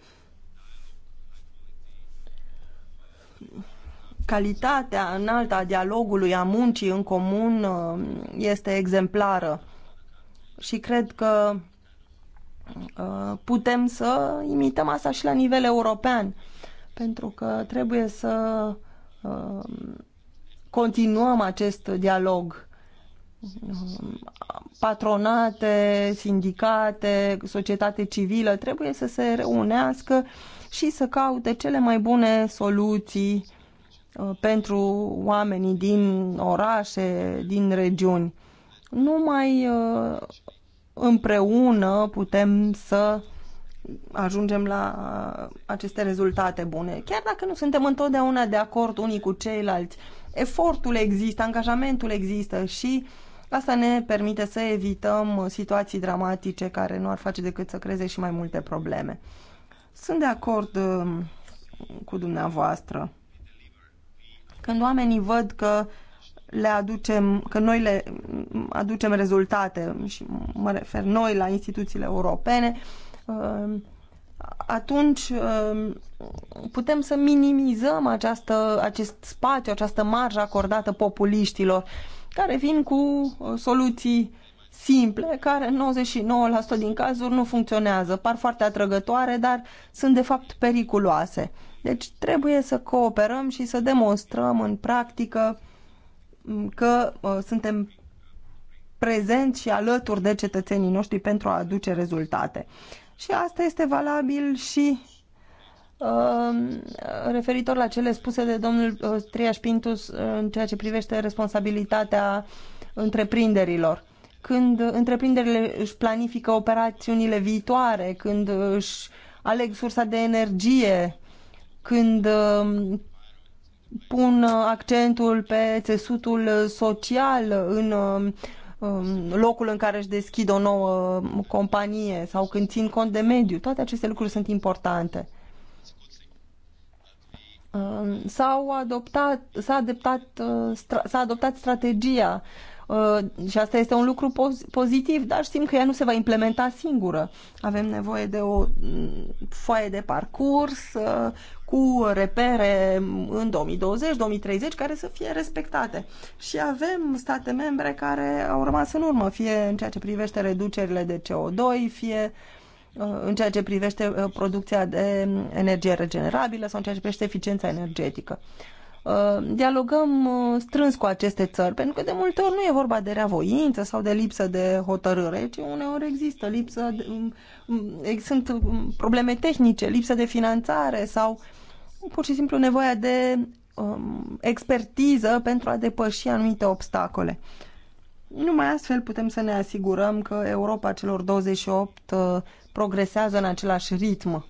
Calitatea înaltă a dialogului, a muncii în comun uh, este exemplară și cred că Uh, putem să imităm asta și la nivel european, pentru că trebuie să uh, continuăm acest dialog. Patronate, sindicate, societate civilă trebuie să se reunească și să caute cele mai bune soluții uh, pentru oamenii din orașe, din regiuni. Numai împreună putem să ajungem la aceste rezultate bune. Chiar dacă nu suntem întotdeauna de acord unii cu ceilalți, efortul există, angajamentul există și asta ne permite să evităm situații dramatice care nu ar face decât să creeze și mai multe probleme. Sunt de acord um, cu dumneavoastră. Când oamenii văd că le aducem, că noi le aducem rezultate și mă refer noi la instituțiile europene, uh, atunci uh, putem să minimizăm această, acest spațiu, această marjă acordată populiștilor care vin cu uh, soluții simple, care în 99% din cazuri nu funcționează. Par foarte atrăgătoare, dar sunt de fapt periculoase. Deci trebuie să cooperăm și să demonstrăm în practică uh, că uh, suntem prezenți și alături de cetățenii noștri pentru a aduce rezultate. Și asta este valabil și uh, referitor la cele spuse de domnul uh, Triaș Pintus uh, în ceea ce privește responsabilitatea întreprinderilor. Când întreprinderile își planifică operațiunile viitoare, când își aleg sursa de energie, când pun uh, accentul pe țesutul social în um, um, locul în care își deschid o nouă companie sau când țin cont de mediu. Toate aceste lucruri sunt importante. Um, s-au adoptat, s-a adoptat, uh, s-a adoptat strategia uh, și asta este un lucru pozitiv, dar știm că ea nu se va implementa singură. Avem nevoie de o mm, foaie de parcurs cu repere în 2020-2030 care să fie respectate. Și avem state membre care au rămas în urmă, fie în ceea ce privește reducerile de CO2, fie uh, în ceea ce privește uh, producția de energie regenerabilă sau în ceea ce privește eficiența energetică. Uh, dialogăm strâns cu aceste țări, pentru că de multe ori nu e vorba de reavoință sau de lipsă de hotărâre, ci uneori există lipsă, de, um, um, sunt um, probleme tehnice, lipsă de finanțare sau uh, pur și simplu nevoia de um, expertiză pentru a depăși anumite obstacole. Numai astfel putem să ne asigurăm că Europa celor 28 uh, progresează în același ritm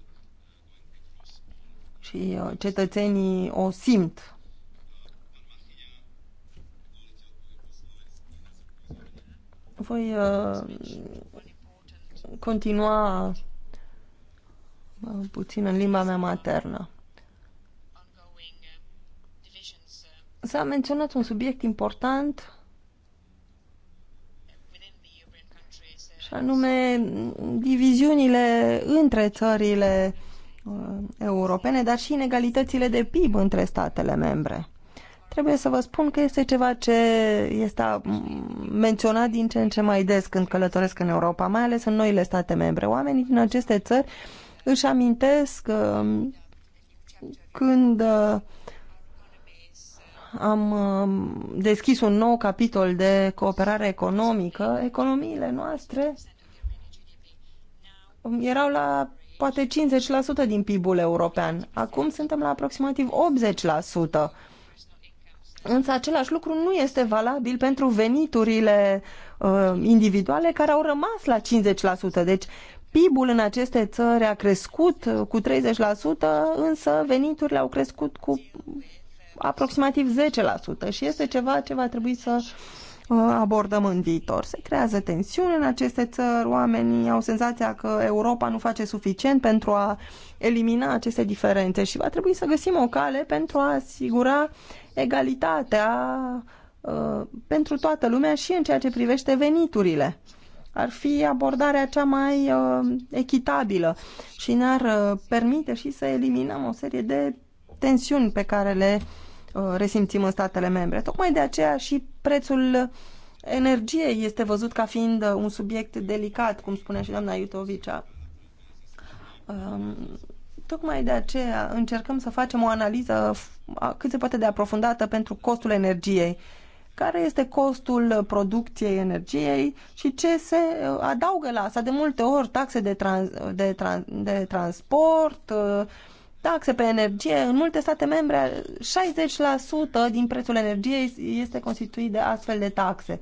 și uh, cetățenii o simt. Voi uh, continua uh, puțin în limba mea maternă. S-a menționat un subiect important și anume diviziunile între țările uh, europene, dar și inegalitățile de PIB între statele membre. Trebuie să vă spun că este ceva ce este menționat din ce în ce mai des când călătoresc în Europa, mai ales în noile state membre. Oamenii din aceste țări își amintesc uh, când uh, am um, deschis un nou capitol de cooperare economică, economiile noastre erau la poate 50% din PIB-ul european. Acum suntem la aproximativ 80%. Însă același lucru nu este valabil pentru veniturile uh, individuale care au rămas la 50%. Deci PIB-ul în aceste țări a crescut cu 30%, însă veniturile au crescut cu aproximativ 10% și este ceva ce va trebui să uh, abordăm în viitor. Se creează tensiune în aceste țări, oamenii au senzația că Europa nu face suficient pentru a elimina aceste diferențe și va trebui să găsim o cale pentru a asigura egalitatea uh, pentru toată lumea și în ceea ce privește veniturile. Ar fi abordarea cea mai uh, echitabilă și ne-ar uh, permite și să eliminăm o serie de tensiuni pe care le uh, Uh, resimțim în statele membre. Tocmai de aceea și prețul energiei este văzut ca fiind uh, un subiect delicat, cum spunea și doamna Iutovicea. Um, tocmai de aceea încercăm să facem o analiză cât se poate de aprofundată pentru costul energiei. Care este costul producției energiei și ce se uh, adaugă la asta? De multe ori taxe de, trans, de, trans, de transport, taxe pe energie. În multe state membre, 60% din prețul energiei este constituit de astfel de taxe.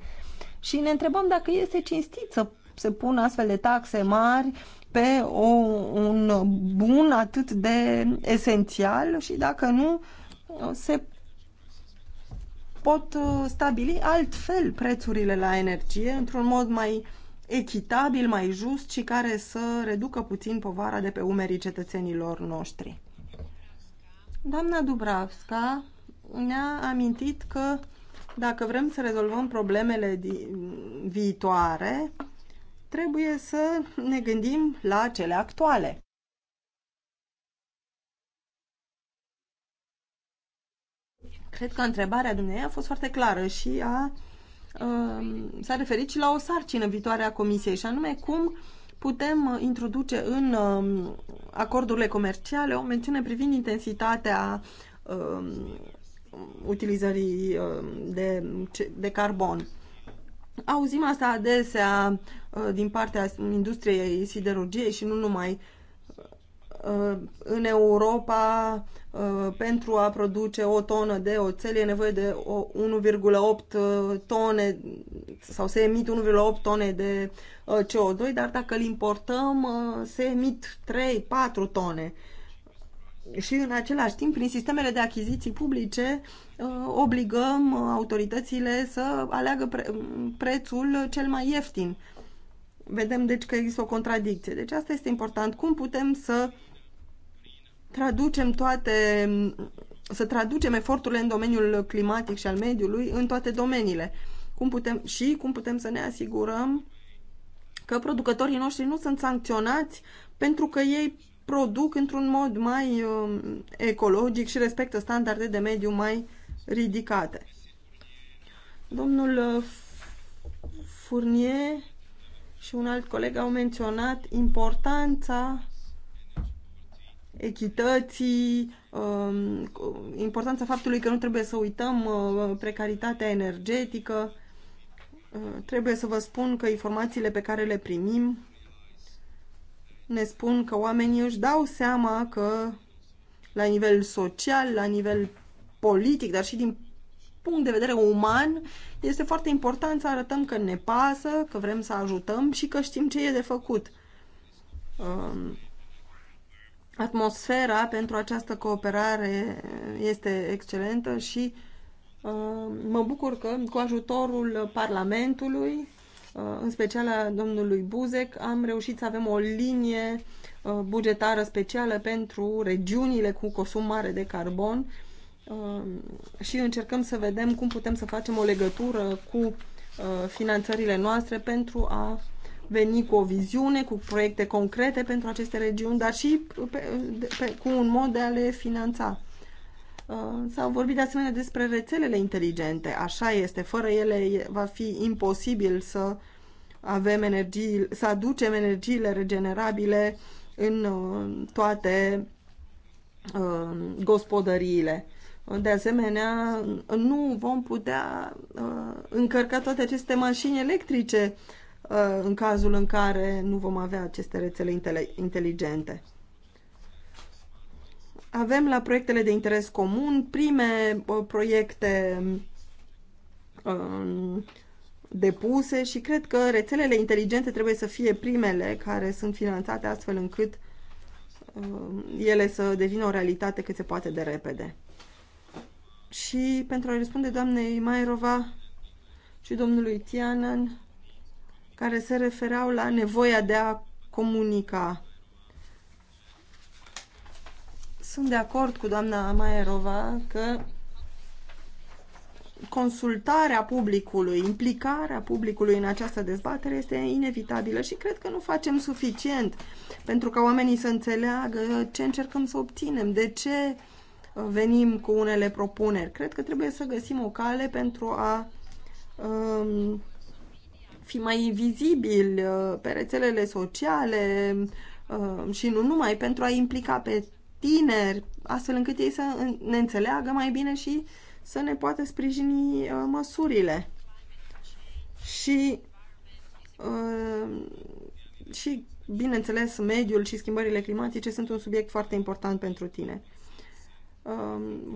Și ne întrebăm dacă este cinstit să se pună astfel de taxe mari pe o, un bun atât de esențial și dacă nu se pot uh, stabili altfel prețurile la energie într-un mod mai echitabil, mai just și care să reducă puțin povara de pe umerii cetățenilor noștri. Doamna Dubravska ne-a amintit că dacă vrem să rezolvăm problemele viitoare, trebuie să ne gândim la cele actuale. Cred că întrebarea dumneavoastră a fost foarte clară și a, a, um, s-a referit și la o sarcină viitoare a Comisiei, și anume cum putem uh, introduce în um, acordurile comerciale o mențiune privind intensitatea um, utilizării um, de, de carbon. Auzim asta adesea uh, din partea industriei siderurgiei și nu numai Uh, în Europa uh, pentru a produce o tonă de oțel e nevoie de 1,8 uh, tone sau se emit 1,8 tone de CO2, dar dacă îl importăm se emit 3-4 tone. Și în același timp, prin sistemele de achiziții publice, obligăm autoritățile să aleagă pre prețul cel mai ieftin. Vedem deci că există o contradicție. Deci asta este important. Cum putem să traducem toate, să traducem eforturile în domeniul climatic și al mediului în toate domeniile. Cum putem, și cum putem să ne asigurăm că producătorii noștri nu sunt sancționați pentru că ei produc într-un mod mai um, ecologic și respectă standarde de mediu mai ridicate. Domnul uh, Furnier și un alt coleg au menționat importanța echității, um, importanța faptului că nu trebuie să uităm uh, precaritatea energetică. Uh, trebuie să vă spun că informațiile pe care le primim ne spun că oamenii își dau seama că la nivel social, la nivel politic, dar și din punct de vedere uman, este foarte important să arătăm că ne pasă, că vrem să ajutăm și că știm ce e de făcut. Um, Atmosfera pentru această cooperare este excelentă și uh, mă bucur că cu ajutorul Parlamentului, uh, în special a domnului Buzek, am reușit să avem o linie uh, bugetară specială pentru regiunile cu consum mare de carbon și încercăm să vedem cum putem să facem o legătură cu finanțările noastre pentru a veni cu o viziune, cu proiecte concrete pentru aceste regiuni, dar și pe, pe, cu un mod de a le finanța. Uh, s-au vorbit de asemenea despre rețelele inteligente. Așa este, fără ele va fi imposibil să avem energii, să aducem energiile regenerabile în uh, toate uh, gospodăriile. De asemenea, nu vom putea încărca toate aceste mașini electrice Uh, în cazul în care nu vom avea aceste rețele inteligente. Avem la proiectele de interes comun prime uh, proiecte um, depuse și cred că rețelele inteligente trebuie să fie primele care sunt finanțate astfel încât um, ele să devină o realitate cât se poate de repede. Și pentru a răspunde doamnei Mairova și domnului Tianan, care se refereau la nevoia de a comunica. Sunt de acord cu doamna Maerova că consultarea publicului, implicarea publicului în această dezbatere este inevitabilă și cred că nu facem suficient pentru ca oamenii să înțeleagă ce încercăm să obținem, de ce venim cu unele propuneri. Cred că trebuie să găsim o cale pentru a um, fi mai vizibil uh, pe rețelele sociale uh, și nu numai, pentru a implica pe tineri, astfel încât ei să ne înțeleagă mai bine și să ne poată sprijini uh, măsurile. Și, și, bineînțeles, mediul și schimbările climatice sunt un subiect foarte important pentru tine.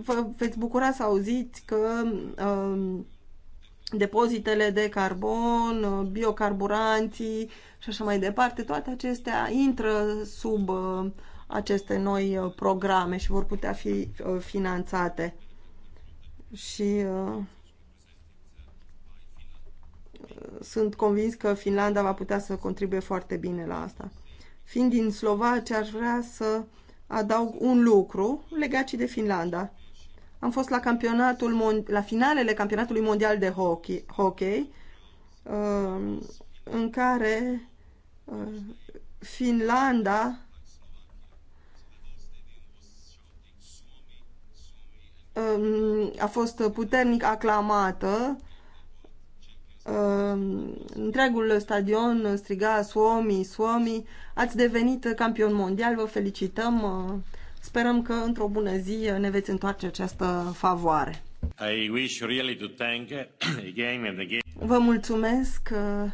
Vă veți bucura să auziți că depozitele de carbon, biocarburanții și așa mai departe, toate acestea intră sub uh, aceste noi uh, programe și vor putea fi uh, finanțate. Și sunt convins că Finlanda va putea să contribuie foarte bine la asta. Fiind din Slovacia, aș vrea să adaug un lucru legat și de Finlanda. Am fost la, campionatul, la finalele campionatului mondial de hockey, hockey um, în care uh, Finlanda um, a fost puternic aclamată. Um, întregul stadion striga Suomi, Suomi, ați devenit campion mondial, vă felicităm, uh, Sperăm că într-o bună zi ne veți întoarce această favoare. I wish really to thank again and again. Vă mulțumesc uh,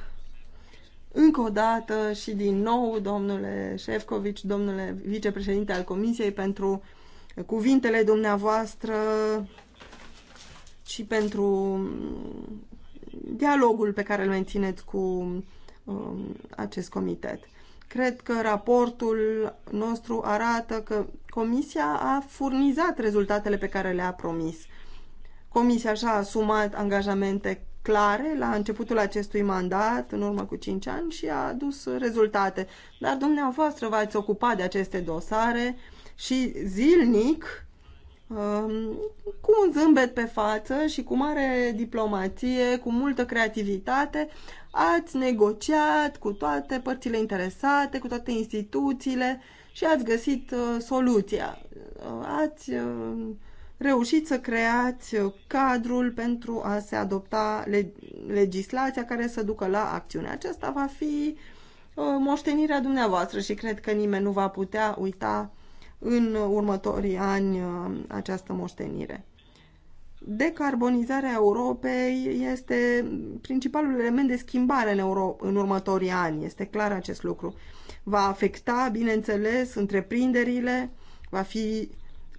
încă o dată și din nou, domnule Șefcovici, domnule vicepreședinte al Comisiei, pentru cuvintele dumneavoastră și pentru mm, dialogul pe care îl mențineți cu mm, acest comitet. Cred că raportul nostru arată că Comisia a furnizat rezultatele pe care le-a promis. Comisia și-a asumat angajamente clare la începutul acestui mandat, în urmă cu 5 ani, și a adus rezultate. Dar dumneavoastră v-ați ocupat de aceste dosare și zilnic, um, cu un zâmbet pe față și cu mare diplomație, cu multă creativitate, ați negociat cu toate părțile interesate, cu toate instituțiile și ați găsit uh, soluția. Uh, ați uh, reușit să creați uh, cadrul pentru a se adopta le legislația care să ducă la acțiune. Aceasta va fi uh, moștenirea dumneavoastră și cred că nimeni nu va putea uita în următorii ani uh, această moștenire decarbonizarea Europei este principalul element de schimbare în, Euro- în următorii ani. Este clar acest lucru. Va afecta, bineînțeles, întreprinderile, va fi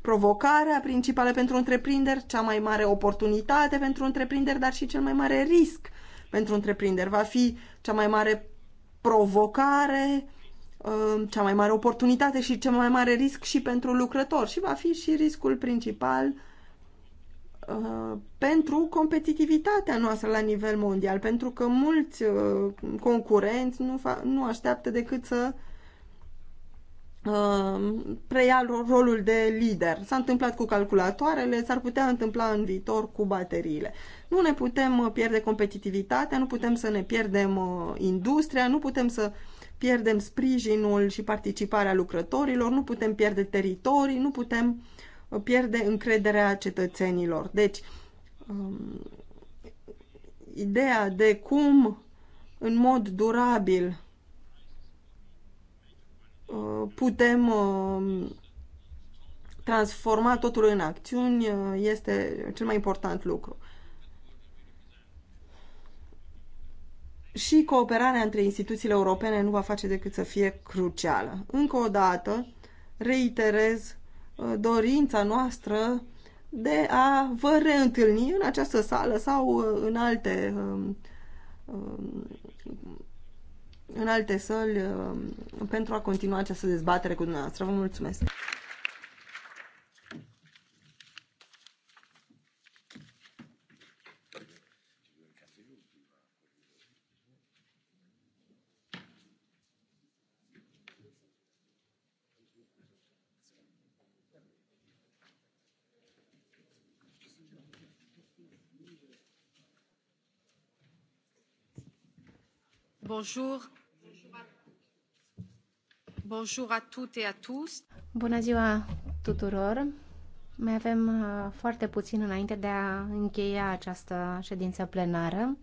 provocarea principală pentru întreprinderi, cea mai mare oportunitate pentru întreprinderi, dar și cel mai mare risc pentru întreprinderi. Va fi cea mai mare provocare, uh, cea mai mare oportunitate și cel mai mare risc și pentru lucrători și va fi și riscul principal Uh, pentru competitivitatea noastră la nivel mondial, pentru că mulți uh, concurenți nu, nu așteaptă decât să uh, preia rolul de lider. S-a întâmplat cu calculatoarele, s-ar putea întâmpla în viitor cu bateriile. Nu ne putem pierde competitivitatea, nu putem să ne pierdem industria, nu putem să pierdem sprijinul și participarea lucrătorilor, nu putem pierde teritorii, nu putem uh, pierde încrederea cetățenilor. Deci, um, ideea de cum în mod durabil uh, putem um, transforma totul în acțiuni uh, este cel mai important lucru. Și cooperarea între instituțiile europene nu va face decât să fie crucială. Încă o dată, reiterez Uh, dorința noastră de a vă reîntâlni în această sală sau uh, în alte um, um, în alte săli um, pentru a continua această dezbatere cu dumneavoastră. Vă mulțumesc! Bună ziua tuturor. Mai avem uh, foarte puțin înainte de a încheia această ședință plenară.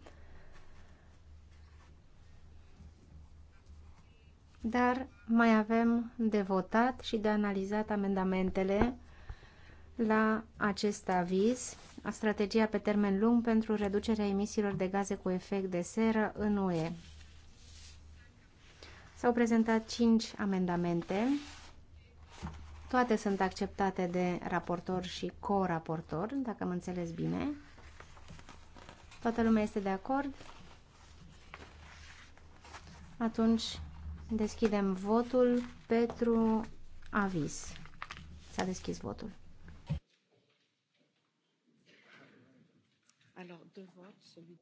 Dar mai avem de votat și de analizat amendamentele la acest aviz a strategia pe termen lung pentru reducerea emisiilor de gaze cu efect de seră în UE. S-au prezentat cinci amendamente. Toate sunt acceptate de raportor și co-raportor, dacă am înțeles bine. Toată lumea este de acord? Atunci deschidem votul pentru aviz. S-a deschis votul. Alors, deux votes, celui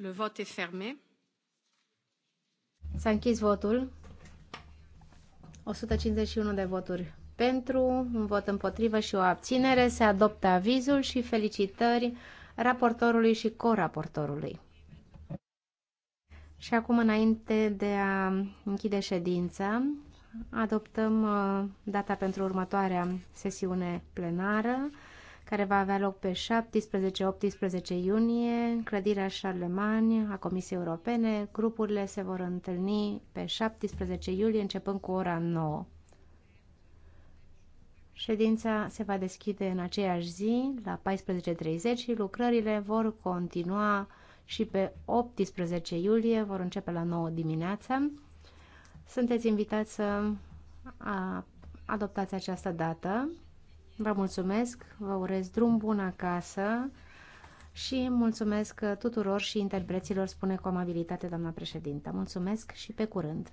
Le vote est fermé. S-a închis votul. 151 de voturi pentru, un vot împotrivă și o abținere. Se adoptă avizul și felicitări raportorului și coraportorului. Și acum, înainte de a închide ședința, adoptăm uh, data pentru următoarea sesiune plenară care va avea loc pe 17-18 iunie, clădirea Charlemagne a Comisiei Europene. Grupurile se vor întâlni pe 17 iulie, începând cu ora 9. Ședința se va deschide în aceeași zi, la 14.30, și lucrările vor continua și pe 18 iulie, vor începe la 9 dimineața. Sunteți invitați să adoptați această dată. Vă mulțumesc, vă urez drum bun acasă și mulțumesc tuturor și interpreților, spune cu amabilitate doamna președintă. Mulțumesc și pe curând!